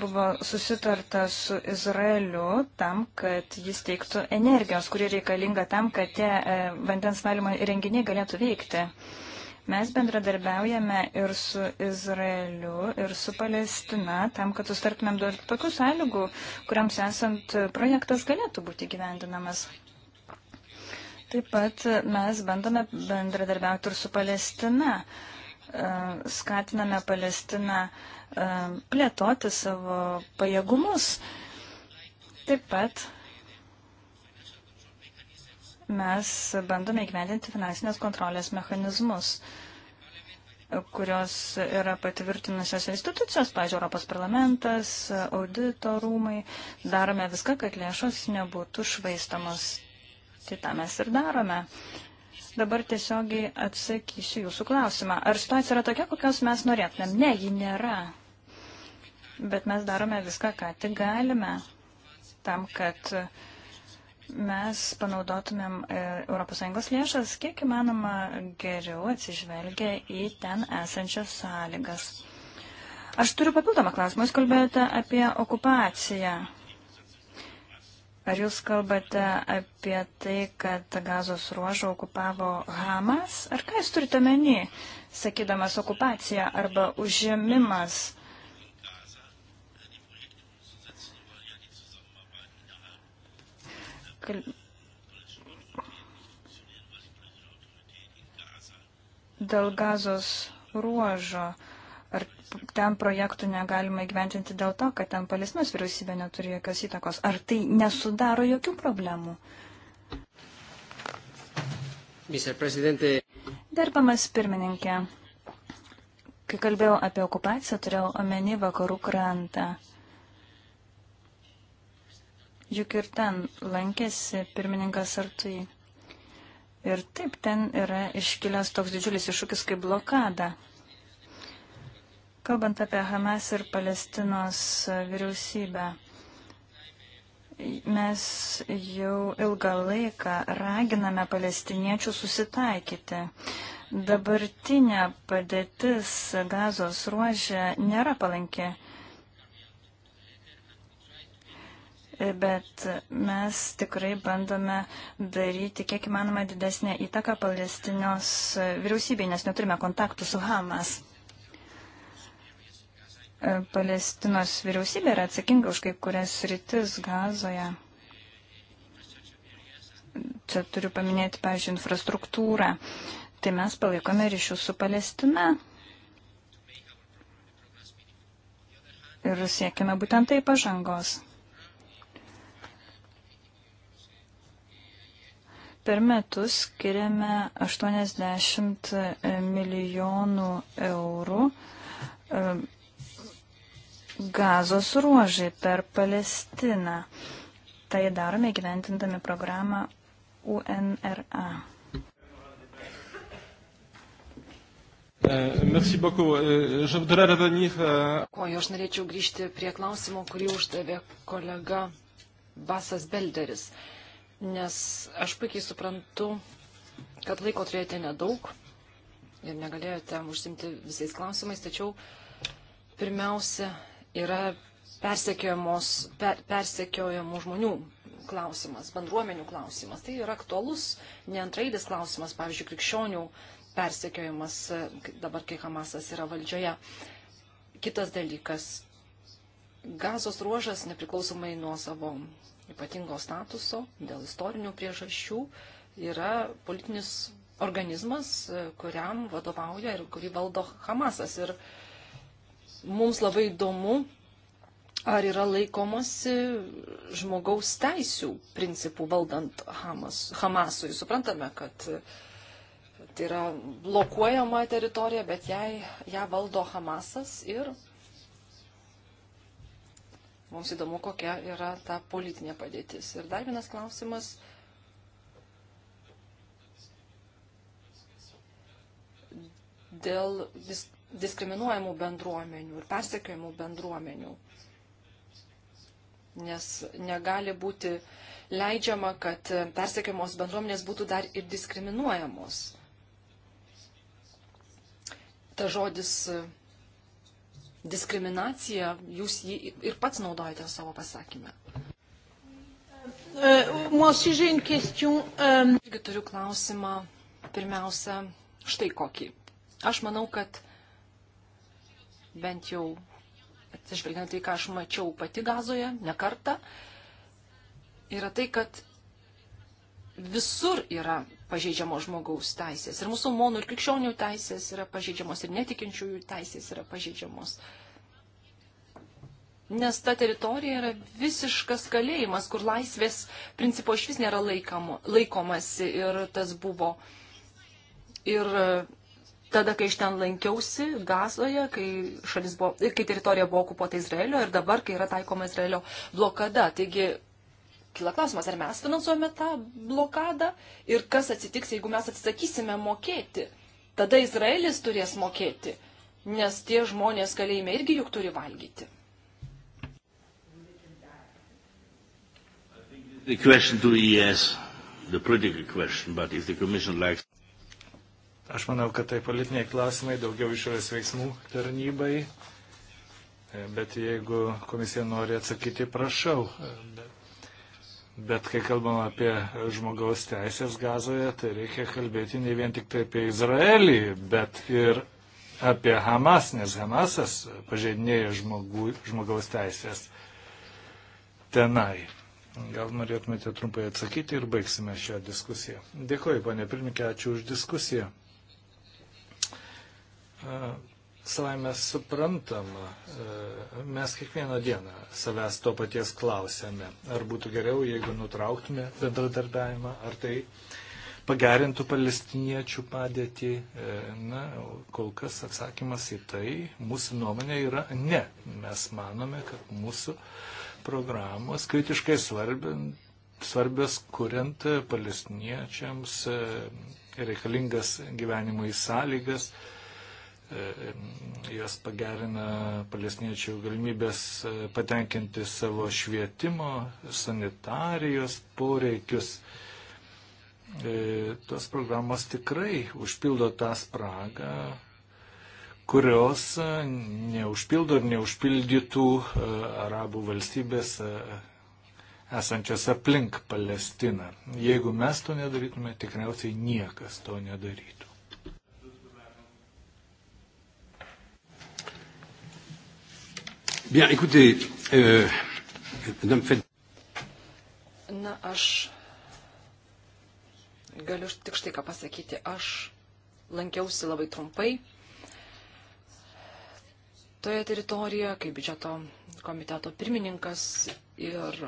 buvo susitarta su Izraeliu tam, kad jis teiktų energijos, kuri reikalinga tam, kad tie e, vandens valymo įrenginiai galėtų veikti. Mes bendradarbiaujame ir su Izraeliu, ir su Palestina, tam, kad sustartumėm dėl tokių sąlygų, kuriams esant projektas galėtų būti gyvendinamas. Taip pat mes bandome bendradarbiauti ir su Palestina, e, skatiname Palestiną e, plėtoti savo pajėgumus. Taip pat mes bandome įgyvendinti finansinės kontrolės mechanizmus kurios yra patvirtinusios institucijos, pažiūrėjau, Europos parlamentas, audito rūmai, darome viską, kad lėšos nebūtų švaistamos. Tai tą mes ir darome. Dabar tiesiogiai atsakysiu jūsų klausimą. Ar situacija yra tokia, kokios mes norėtumėm? Ne, ji nėra. Bet mes darome viską, ką tik galime, tam, kad uh, mes panaudotumėm ES lėšas kiek įmanoma geriau atsižvelgia į ten esančias sąlygas. Aš turiu papildomą klausimą. Jūs kalbėjote apie okupaciją. Ar jūs kalbate apie tai, kad gazos ruožą okupavo Hamas? Ar ką jūs turite meni, sakydamas okupacija arba užėmimas? Kal... Dėl gazos ruožo. Ar ten projektų negalima įgyventinti dėl to, kad ten palestinos vyriausybė neturi jokios įtakos? Ar tai nesudaro jokių problemų? Gerbamas pirmininkė, kai kalbėjau apie okupaciją, turėjau omeny vakarų krantą. Juk ir ten lankėsi pirmininkas Artui. Ir taip ten yra iškilęs toks didžiulis iššūkis kaip blokada. Kalbant apie Hamas ir Palestinos vyriausybę, mes jau ilgą laiką raginame palestiniečių susitaikyti. Dabartinė padėtis gazos ruožė nėra palanki. bet mes tikrai bandome daryti kiek įmanoma didesnę įtaką Palestinos vyriausybei, nes neturime kontaktų su Hamas. Palestinos vyriausybė yra atsakinga už kai kurias rytis gazoje. Čia turiu paminėti, pažiūrėjau, infrastruktūrą. Tai mes palaikome ryšius su Palestina. ir siekiame būtent tai pažangos. Per metus skiriame 80 e, milijonų eurų e, gazos ruožai per Palestiną. Tai darome gyventindami programą UNRA. E, merci beaucoup. Je voudrais revenir. Ko, aš norėčiau grįžti prie klausimo, kurį uždavė kolega Basas Belderis. Uh, nes aš puikiai suprantu, kad laiko turėjote nedaug ir negalėjote užsimti visais klausimais, tačiau pirmiausia yra per, persekiojamų žmonių klausimas, bendruomenių klausimas. Tai yra aktualus, neantraidis klausimas, pavyzdžiui, krikščionių persekiojimas dabar, kai Hamasas yra valdžioje. Kitas dalykas. Gazos ruožas, nepriklausomai nuo savo ypatingo statuso dėl istorinių priežasčių yra politinis organizmas, e, kuriam vadovauja ir kurį valdo Hamasas. Ir mums labai įdomu, ar yra laikomasi žmogaus teisių principų valdant Hamas, Hamasui. Suprantame, kad e, tai yra blokuojama teritorija, bet jai, ją valdo Hamasas ir Mums įdomu, kokia yra ta politinė padėtis. Ir dar vienas klausimas. Dėl dis diskriminuojamų bendruomenių ir persekiojimų bendruomenių. Nes negali būti leidžiama, kad persekiamos bendruomenės būtų dar ir diskriminuojamos. Ta žodis diskriminaciją, jūs jį ir pats naudojate savo pasakymę. Uh, um, Irgi turiu klausimą, pirmiausia, štai kokį. Aš manau, kad bent jau atsižvelgiant tai, ką aš mačiau pati gazoje, ne kartą, yra tai, kad visur yra pažeidžiamos žmogaus teisės. Ir musulmonų ir krikščionių teisės yra pažeidžiamos, ir netikinčiųjų teisės yra pažeidžiamos. Nes ta teritorija yra visiškas kalėjimas, kur laisvės principo iš vis nėra laikamo, laikomasi. Ir tas buvo. Ir e, tada, kai iš ten lankiausi Gazoje, kai, šalis buvo, kai teritorija buvo okupuota Izraelio ir dabar, kai yra taikoma Izraelio blokada. Taigi kila klausimas, ar mes finansuojame tą blokadą ir kas atsitiks, jeigu mes atsisakysime mokėti. Tada Izraelis turės mokėti, nes tie žmonės kalėjime irgi juk turi valgyti. The question to ES, the political question, but if the Commission likes. Aš manau, kad tai politiniai klausimai, daugiau išorės veiksmų tarnybai, e, bet jeigu komisija nori atsakyti, prašau. E, bet Bet kai kalbam apie žmogaus teisės gazoje, tai reikia kalbėti ne vien tik tai apie Izraelį, bet ir apie Hamas, nes Hamasas pažeidinėja žmogų, žmogaus teisės tenai. Gal norėtumėte trumpai atsakyti ir baigsime šią diskusiją. Dėkuoju, ponė Pirmikė, ačiū už diskusiją savaime suprantama, e, mes kiekvieną dieną savęs to paties klausėme, ar būtų geriau, jeigu nutrauktume bendradarbiavimą, ar tai pagerintų palestiniečių padėtį. E, na, kol kas atsakymas į tai mūsų nuomonė yra ne. Mes manome, kad mūsų programos kritiškai svarbios, kuriant palestiniečiams e, reikalingas gyvenimui sąlygas, E, e, jos pagerina palestiniečių galimybės e, patenkinti savo švietimo, sanitarijos poreikius. Tos programos tikrai užpildo tą spragą, kurios neužpildo ir neužpildytų arabų valstybės esančias aplink Palestiną. Jeigu mes to nedarytume, tikriausiai niekas to nedarytų. Bien, écoutez, euh, madame Fed... Na, aš galiu tik štai ką pasakyti. Aš lankiausi labai trumpai toje teritorijoje kaip biudžeto komiteto pirmininkas ir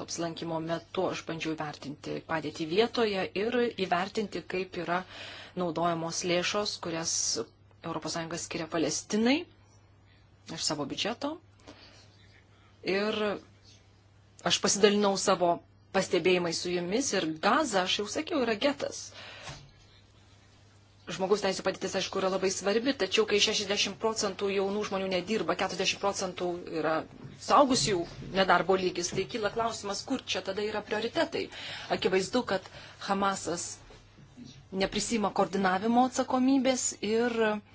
toks lankymo metu aš bandžiau vertinti padėtį vietoje ir įvertinti, kaip yra naudojamos lėšos, kurias ES skiria Palestinai iš savo biudžeto ir aš pasidalinau savo pastebėjimai su jumis ir Gaza, aš jau sakiau, yra getas. Žmogaus teisų padėtis, aišku, yra labai svarbi, tačiau kai 60 procentų jaunų žmonių nedirba, 40 procentų yra saugusių nedarbo lygis, tai kyla klausimas, kur čia tada yra prioritetai. Akivaizdu, kad Hamasas neprisima koordinavimo atsakomybės ir uh,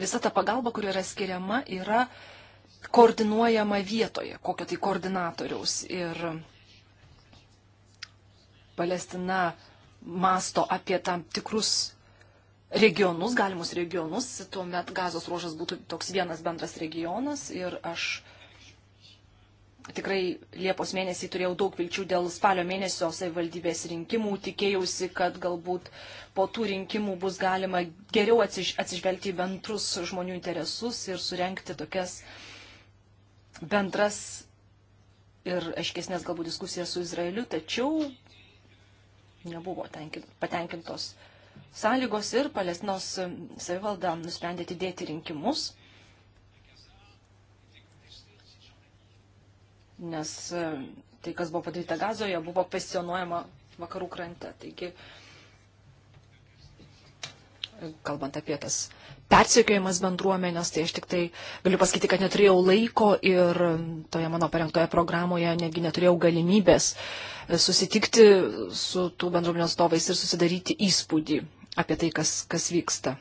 visa ta pagalba, kuri yra skiriama, yra koordinuojama vietoje, kokio tai koordinatoriaus. Ir Palestina masto apie tam tikrus regionus, galimus regionus, tuomet gazos ruožas būtų toks vienas bendras regionas ir aš tikrai Liepos mėnesį turėjau daug vilčių dėl spalio mėnesio savivaldybės rinkimų. Tikėjausi, kad galbūt po tų rinkimų bus galima geriau atsiž atsižvelgti į bendrus žmonių interesus ir surenkti tokias bendras ir aiškesnės galbūt diskusijas su Izraeliu, tačiau nebuvo patenkintos sąlygos ir Palestinos savivalda nusprendė atidėti rinkimus nes e, tai, kas buvo padaryta gazoje, buvo kvestionuojama vakarų krante. Taigi, kalbant apie tas persiekiojimas bendruomenės, tai aš tik tai galiu pasakyti, kad neturėjau laiko ir toje mano parengtoje programoje netgi neturėjau galimybės susitikti su tų bendruomenės stovais ir susidaryti įspūdį apie tai, kas, kas vyksta.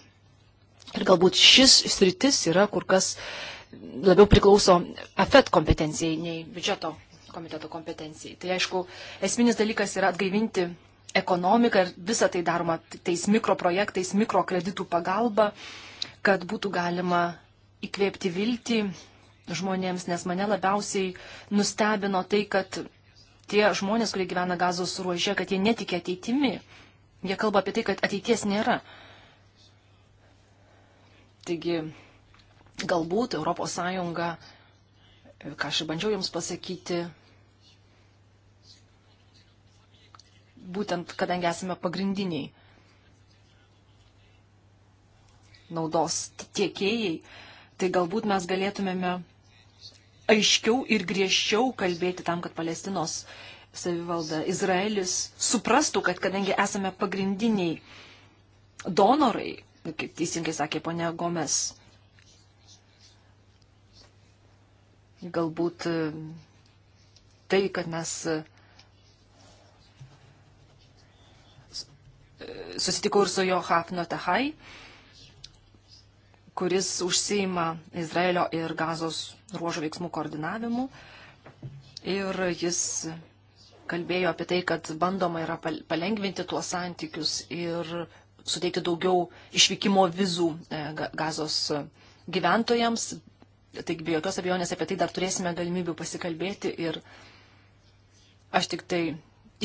Ir galbūt šis sritis yra kur kas labiau priklauso AFET kompetencijai nei biudžeto komiteto kompetencijai. Tai aišku, esminis dalykas yra atgaivinti ekonomiką ir visą tai daroma tais mikroprojektais, mikrokreditų pagalba, kad būtų galima įkvėpti viltį žmonėms, nes mane labiausiai nustebino tai, kad tie žmonės, kurie gyvena gazos ruožė, kad jie netikė ateitimi. Jie kalba apie tai, kad ateities nėra. Taigi galbūt ES, e, ką aš bandžiau Jums pasakyti, būtent kadangi esame pagrindiniai naudos tiekėjai, tai galbūt mes galėtumėme aiškiau ir griežčiau kalbėti tam, kad Palestinos savivalda Izraelis suprastų, kad kadangi esame pagrindiniai donorai, kaip teisingai sakė ponia Gomes, Galbūt e, tai, kad mes e, susitikau ir su Johaf Notahai, kuris užsieima Izraelio ir Gazos ruožo veiksmų koordinavimu. Ir jis kalbėjo apie tai, kad bandoma yra palengvinti tuos santykius ir suteikti daugiau išvykimo vizų e, gazos gyventojams, Taigi be jokios abejonės apie tai dar turėsime galimybių pasikalbėti ir aš tik tai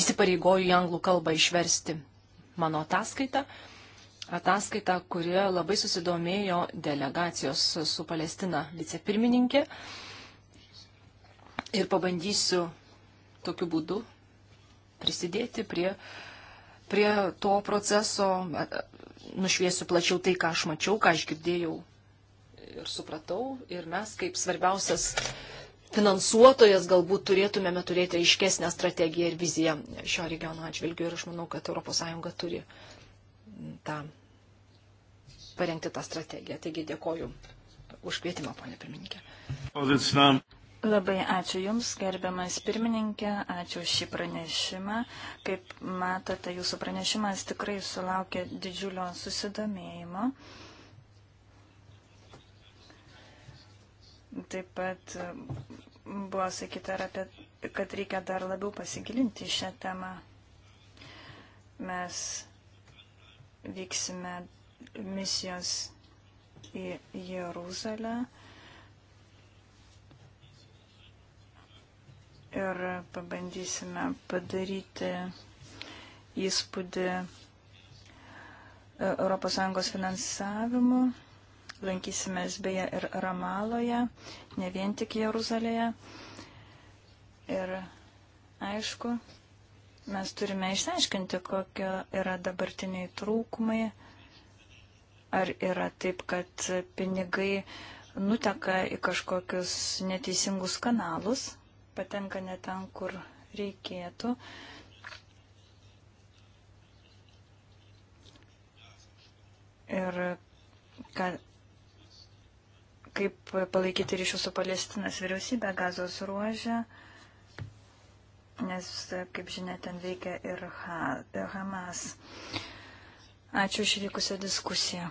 įsipareigoju į anglų kalbą išversti mano ataskaitą. Ataskaitą, kurie labai susidomėjo delegacijos su Palestina vicepirmininkė. Ir pabandysiu tokiu būdu prisidėti prie, prie to proceso, nušviesiu plačiau tai, ką aš mačiau, ką aš girdėjau ir supratau. Ir mes kaip svarbiausias finansuotojas galbūt turėtumėme turėti aiškesnę strategiją ir viziją šio regiono atžvilgiu. Ir aš manau, kad ES turi tą, parengti tą strategiją. Taigi dėkoju už kvietimą, ponė pirmininkė. Pozicinam. Labai ačiū Jums, gerbiamas pirmininkė, ačiū šį pranešimą. Kaip matote, Jūsų pranešimas tikrai sulaukė didžiulio susidomėjimo. Taip pat e, buvo sakyta ir apie, kad reikia dar labiau pasigilinti į šią temą. Mes vyksime misijos į Jeruzalę. ir pabandysime padaryti įspūdį ES finansavimu. Lankysimės beje ir Ramaloje, ne vien tik Jeruzalėje. Ir aišku, mes turime išsiaiškinti, kokie yra dabartiniai trūkumai. Ar yra taip, kad pinigai nuteka į kažkokius neteisingus kanalus, patenka ne ten, kur reikėtų. Ir kad kaip palaikyti ryšius su Palestinos vyriausybė gazos ruožė, nes, kaip žinia, ten veikia ir Hamas. Ačiū išvykusią diskusiją.